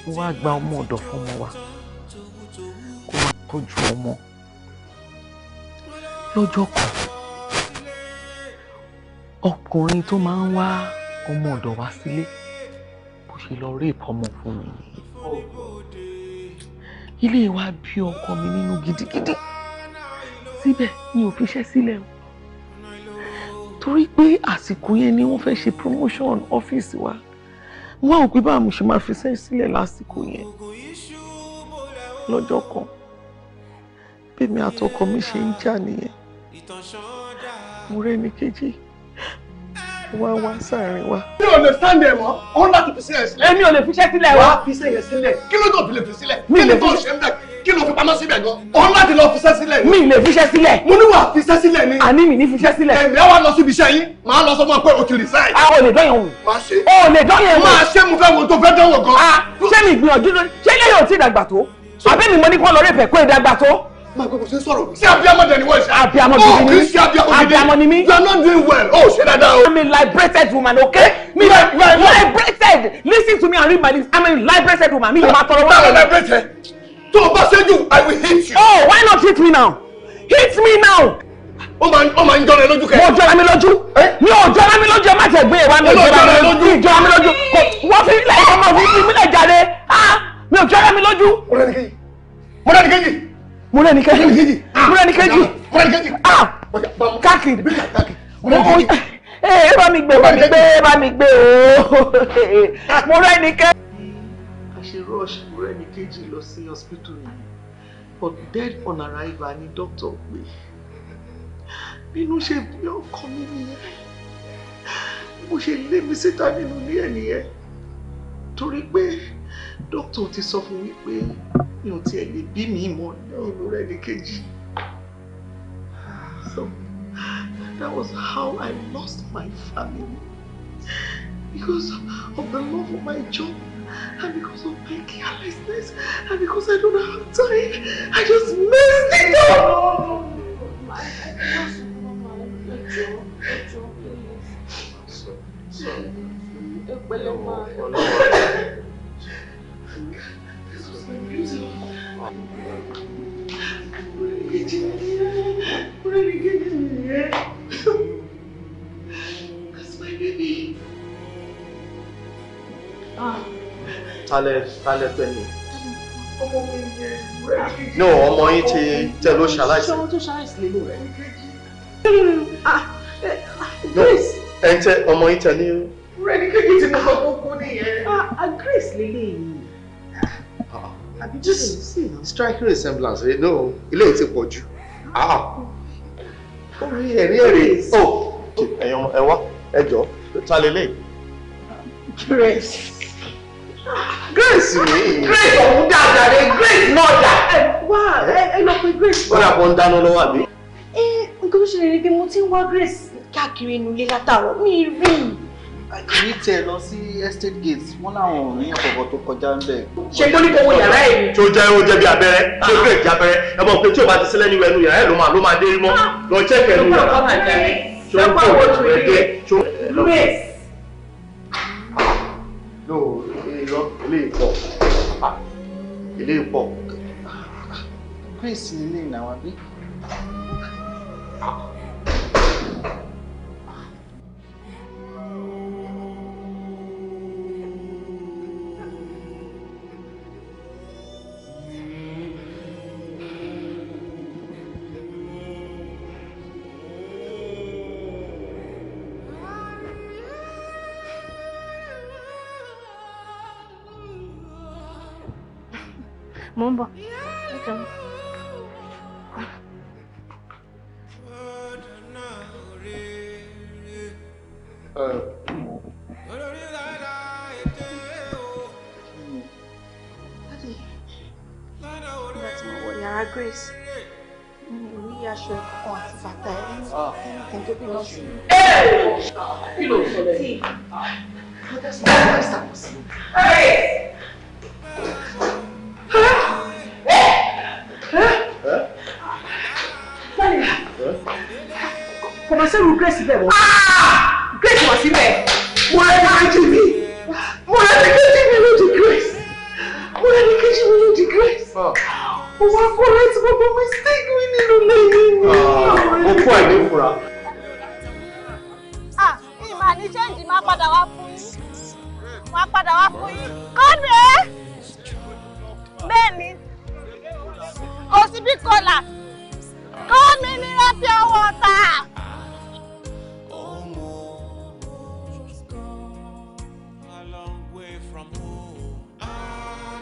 mo wá gba ọmọ ọ̀dọ̀ fọmọ wa kó máa tọ́jú ọmọ lọ́jọ́ kan ọkùnrin tó máa ń wá ọmọ ọ̀dọ̀ wá sílé bó ṣe lọ rí ìpamọ́ fún mi nìyí ilé wa bí ọkọ mi nínú gidigidi síbẹ̀ mi ò fiṣẹ́ sílẹ̀ o torí pé àsìkò yẹn ni wọ́n fẹ́ ṣe promotion ọ́fíìsì wa wọ́n ò pé báà mo ṣe máa fiṣẹ́ sílẹ̀ lásìkò yẹn lọ́jọ́ kan bẹ́ẹ̀ mi àtọkọ mi ṣe ń jà nìyẹn mo rẹ́ni kejì wá wá sáàrin wa. mi ò lè sáǹdì ẹ̀ mọ́ òun láti fi sílẹ̀ sílẹ̀. èmi ò lè fiṣẹ́ sílẹ̀ wa. wà á fiṣẹ́ yẹn sílẹ̀. kí ló tó fi lè fi sílẹ̀. mi lè fi ṣe ń bẹ̀ kí ló fi pamọ́ síbẹ̀ gan. òun láti lọ fiṣẹ́ sílẹ̀. mi lè fiṣẹ́ sílẹ̀. mo ní wà á fiṣẹ́ sílẹ̀ ni. àní mi ní fiṣẹ́ sílẹ̀. èmi àwa lọ síbi iṣẹ́ yín màá lọ sọmọ pé o ti resign. a ò lè dán yẹn wò. máa ṣe. o lè dán yẹn wò. máa ṣe mo fẹ́ wo tó fẹ́ dán wò gan. a ṣé mi gbìyànjú lórí ṣé lẹ́yìn ò tí ì máa gbé kò sí sọ̀rọ̀. ṣé abiyamọ dẹ̀ ni wọ́n ṣe. abiyamọ gidi ni mí abiyamọ ni mí. you are not doing well. o ṣe dada o. i'm a liberated woman okay. mi eh, liberated listen to me and read my lips i'm a liberated woman mi yóò máa liberated tó o bá ṣẹ́jú i will hit you. oh why not hit me now hit me now ó máa ó máa ń jọra lójú kẹ. mo jọra mi lójú eh? mi ò jọra mi lójú ẹ má tẹ gbé e wa mi ò jọra mi lójú mi jọra mi lójú kò wọ́n fi ilẹ̀ ìjọba fi fi mílẹ̀ jáde ah, mi ò jọra mi lójú. mo rẹ́ ní kéjì mo rẹ́ ní kéjì mo rẹ ní kejì mo rẹ ní kejì káàkiri ẹ eh, bá mi gbé bá mi gbé bá mi gbé o mo rẹ ní kejì. a ṣe rush mo rẹ ní kejì lọ sí hospital yìí but dead on arrival ni doctor pé bínú ṣe bí ọkọ mi nìyẹn mo ṣe lé mi síta nínú ilé ẹ torí pé dókítà ti sọ fún mi pé mi ò tiẹ̀ lè bí mi mọ́ nínú rẹ̀ ní kejì. So that was how I lost my family because of the love of my job and because of my carelessness and because I don't have time. I just missed it all. up. Sorry. Sorry. Sorry. This was my beautiful. Really get in here. That's my baby. Ah. Talẹ̀ talẹ̀ tẹ́lẹ̀. Ọmọ No, ọmọ yín ti tẹ ló ṣaláìsí. Ṣé ọmọ tó ṣaláìsí lè rẹ̀? Grace. Ẹ ń tẹ ọmọ yín tẹ ní. Rẹ́ni kékeré ti mú ọkọ̀ kú nìyẹn. Ah, ah Grace lè yìí just striking resemblance you eh, know ilé ti pọ̀ jù ah. ó rí ẹ̀rí ẹ̀rí ó oh, ẹ̀yàn ẹ̀wá ẹ̀jọ̀ ta lè lè. grace grace mi. grace ọ̀hún dáadáa rẹ grace náà dà. wá eh? ẹ lọ pe grace. ó dà bọ́ ń dáná lọ́wọ́ àbí. ẹ eh, nǹkan tó ṣẹlẹ̀ ni pé mo ti ń wá grace káàkiri inú ilé látàárọ̀ mi rí i àkìrí tẹ lọ sí estate gate wọn làwọn ò ní ọ̀pọ̀pọ̀ tó kọjá ń bẹ̀. ṣé kó ní kówó yàrá ẹ̀ ni. tí ó jẹ́ ó jẹ́ bí abẹ́rẹ́ tí ó bẹ̀rẹ̀ jẹ́ ẹ mọ̀ pé tí ò bá ti sílẹ̀ ní yàrá ẹ̀ ló máa ló máa dé mọ́ ah. lọ jẹ́ kẹ́nu yàrá. ṣé ó ń bọ̀ ẹ̀ dẹ́ ṣó. no irọ́ ilé ìpọ̀ ilé ìpọ̀. Grace ah, ilé ìnáwó àbí. Ah. 懵不。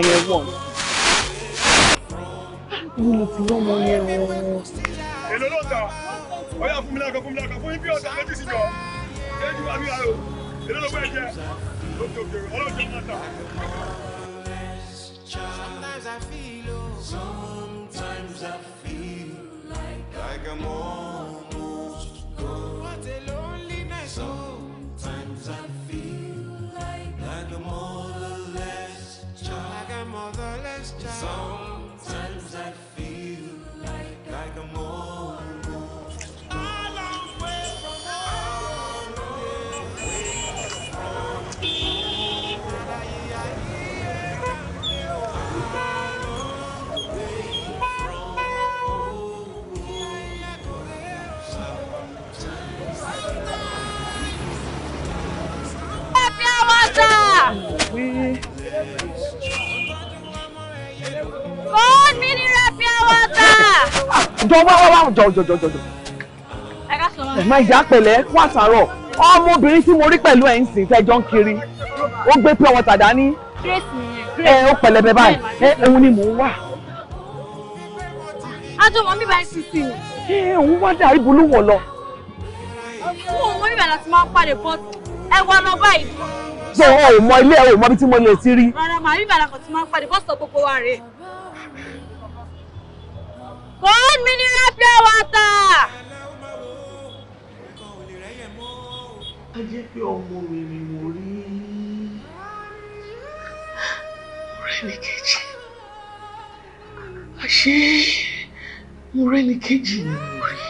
gang jọ jọ jọ jọ. ẹ ká sọ wọn. máa ìjà ọmọbìnrin tí mo rí pẹ̀lú ẹ̀ ń sìn fẹjọ́ ń kiri ó gbé pé ọmọ tàdá ní. grace nìyẹn. ẹ ó pẹlẹbẹ báyìí ẹ òun ni mò ń wà. ájọ mọ mi báyìí sísì. ẹ òun wá dàrí bolú wọ lọ. fún òun níbẹ̀ láti máa ń pàdé bọ́ ẹ wà lọ báyìí. so o ò mọ ilé ẹ o ò mọ ibi tí mo lè ti rí. rárá màá rí bàrà kan tí máa ń pàdé bọ́ọ̀sì gbogbo wa rèé cold mineral pure water. a jẹ́ pé ọmọ mi ni mo rí ọ̀rẹ́ mi kejì àṣé mo rẹ́ ni kejì ni mo rí.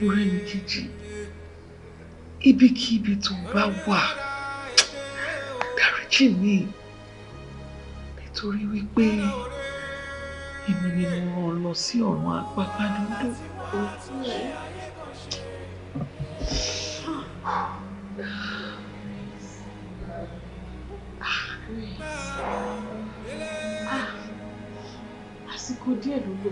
mo rẹ́ ni kejì ibikíbi tó bá wà dáríjì mi nítorí wípé èmi ni mo rán ọ lọ sí ọ̀run apákádúndú. àsìkò díẹ̀ ló lò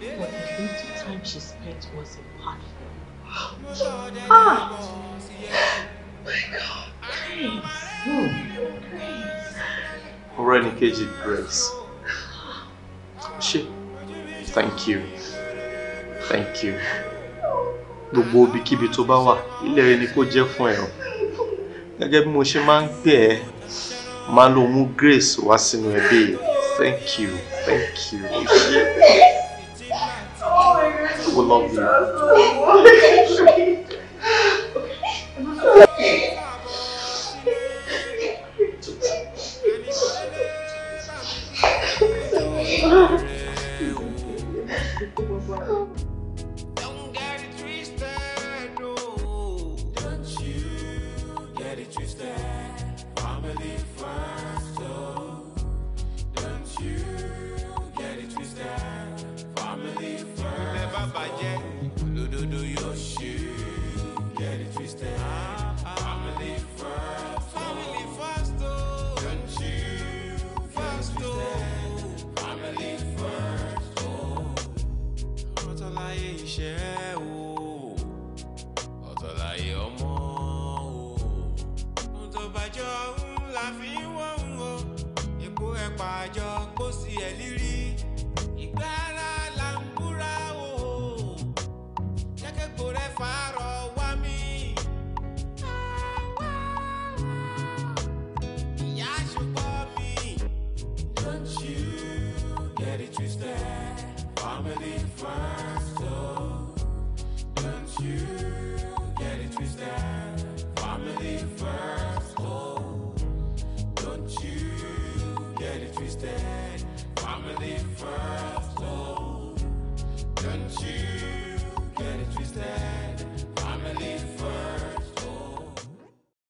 but the little time she spent was impactful. ah my God. Thanks. Hmm ọ̀rọ̀ ẹnì kejì Grace ṣe thank you thank you gbogbo ibikíbi tó bá wà ilé rẹ ni kò jẹ́ fún ẹ o gẹ́gẹ́ bí mo ṣe máa ń gbẹ ẹ máa lo mú Grace wá sínú ẹbí yìí thank you thank you ṣe we love you.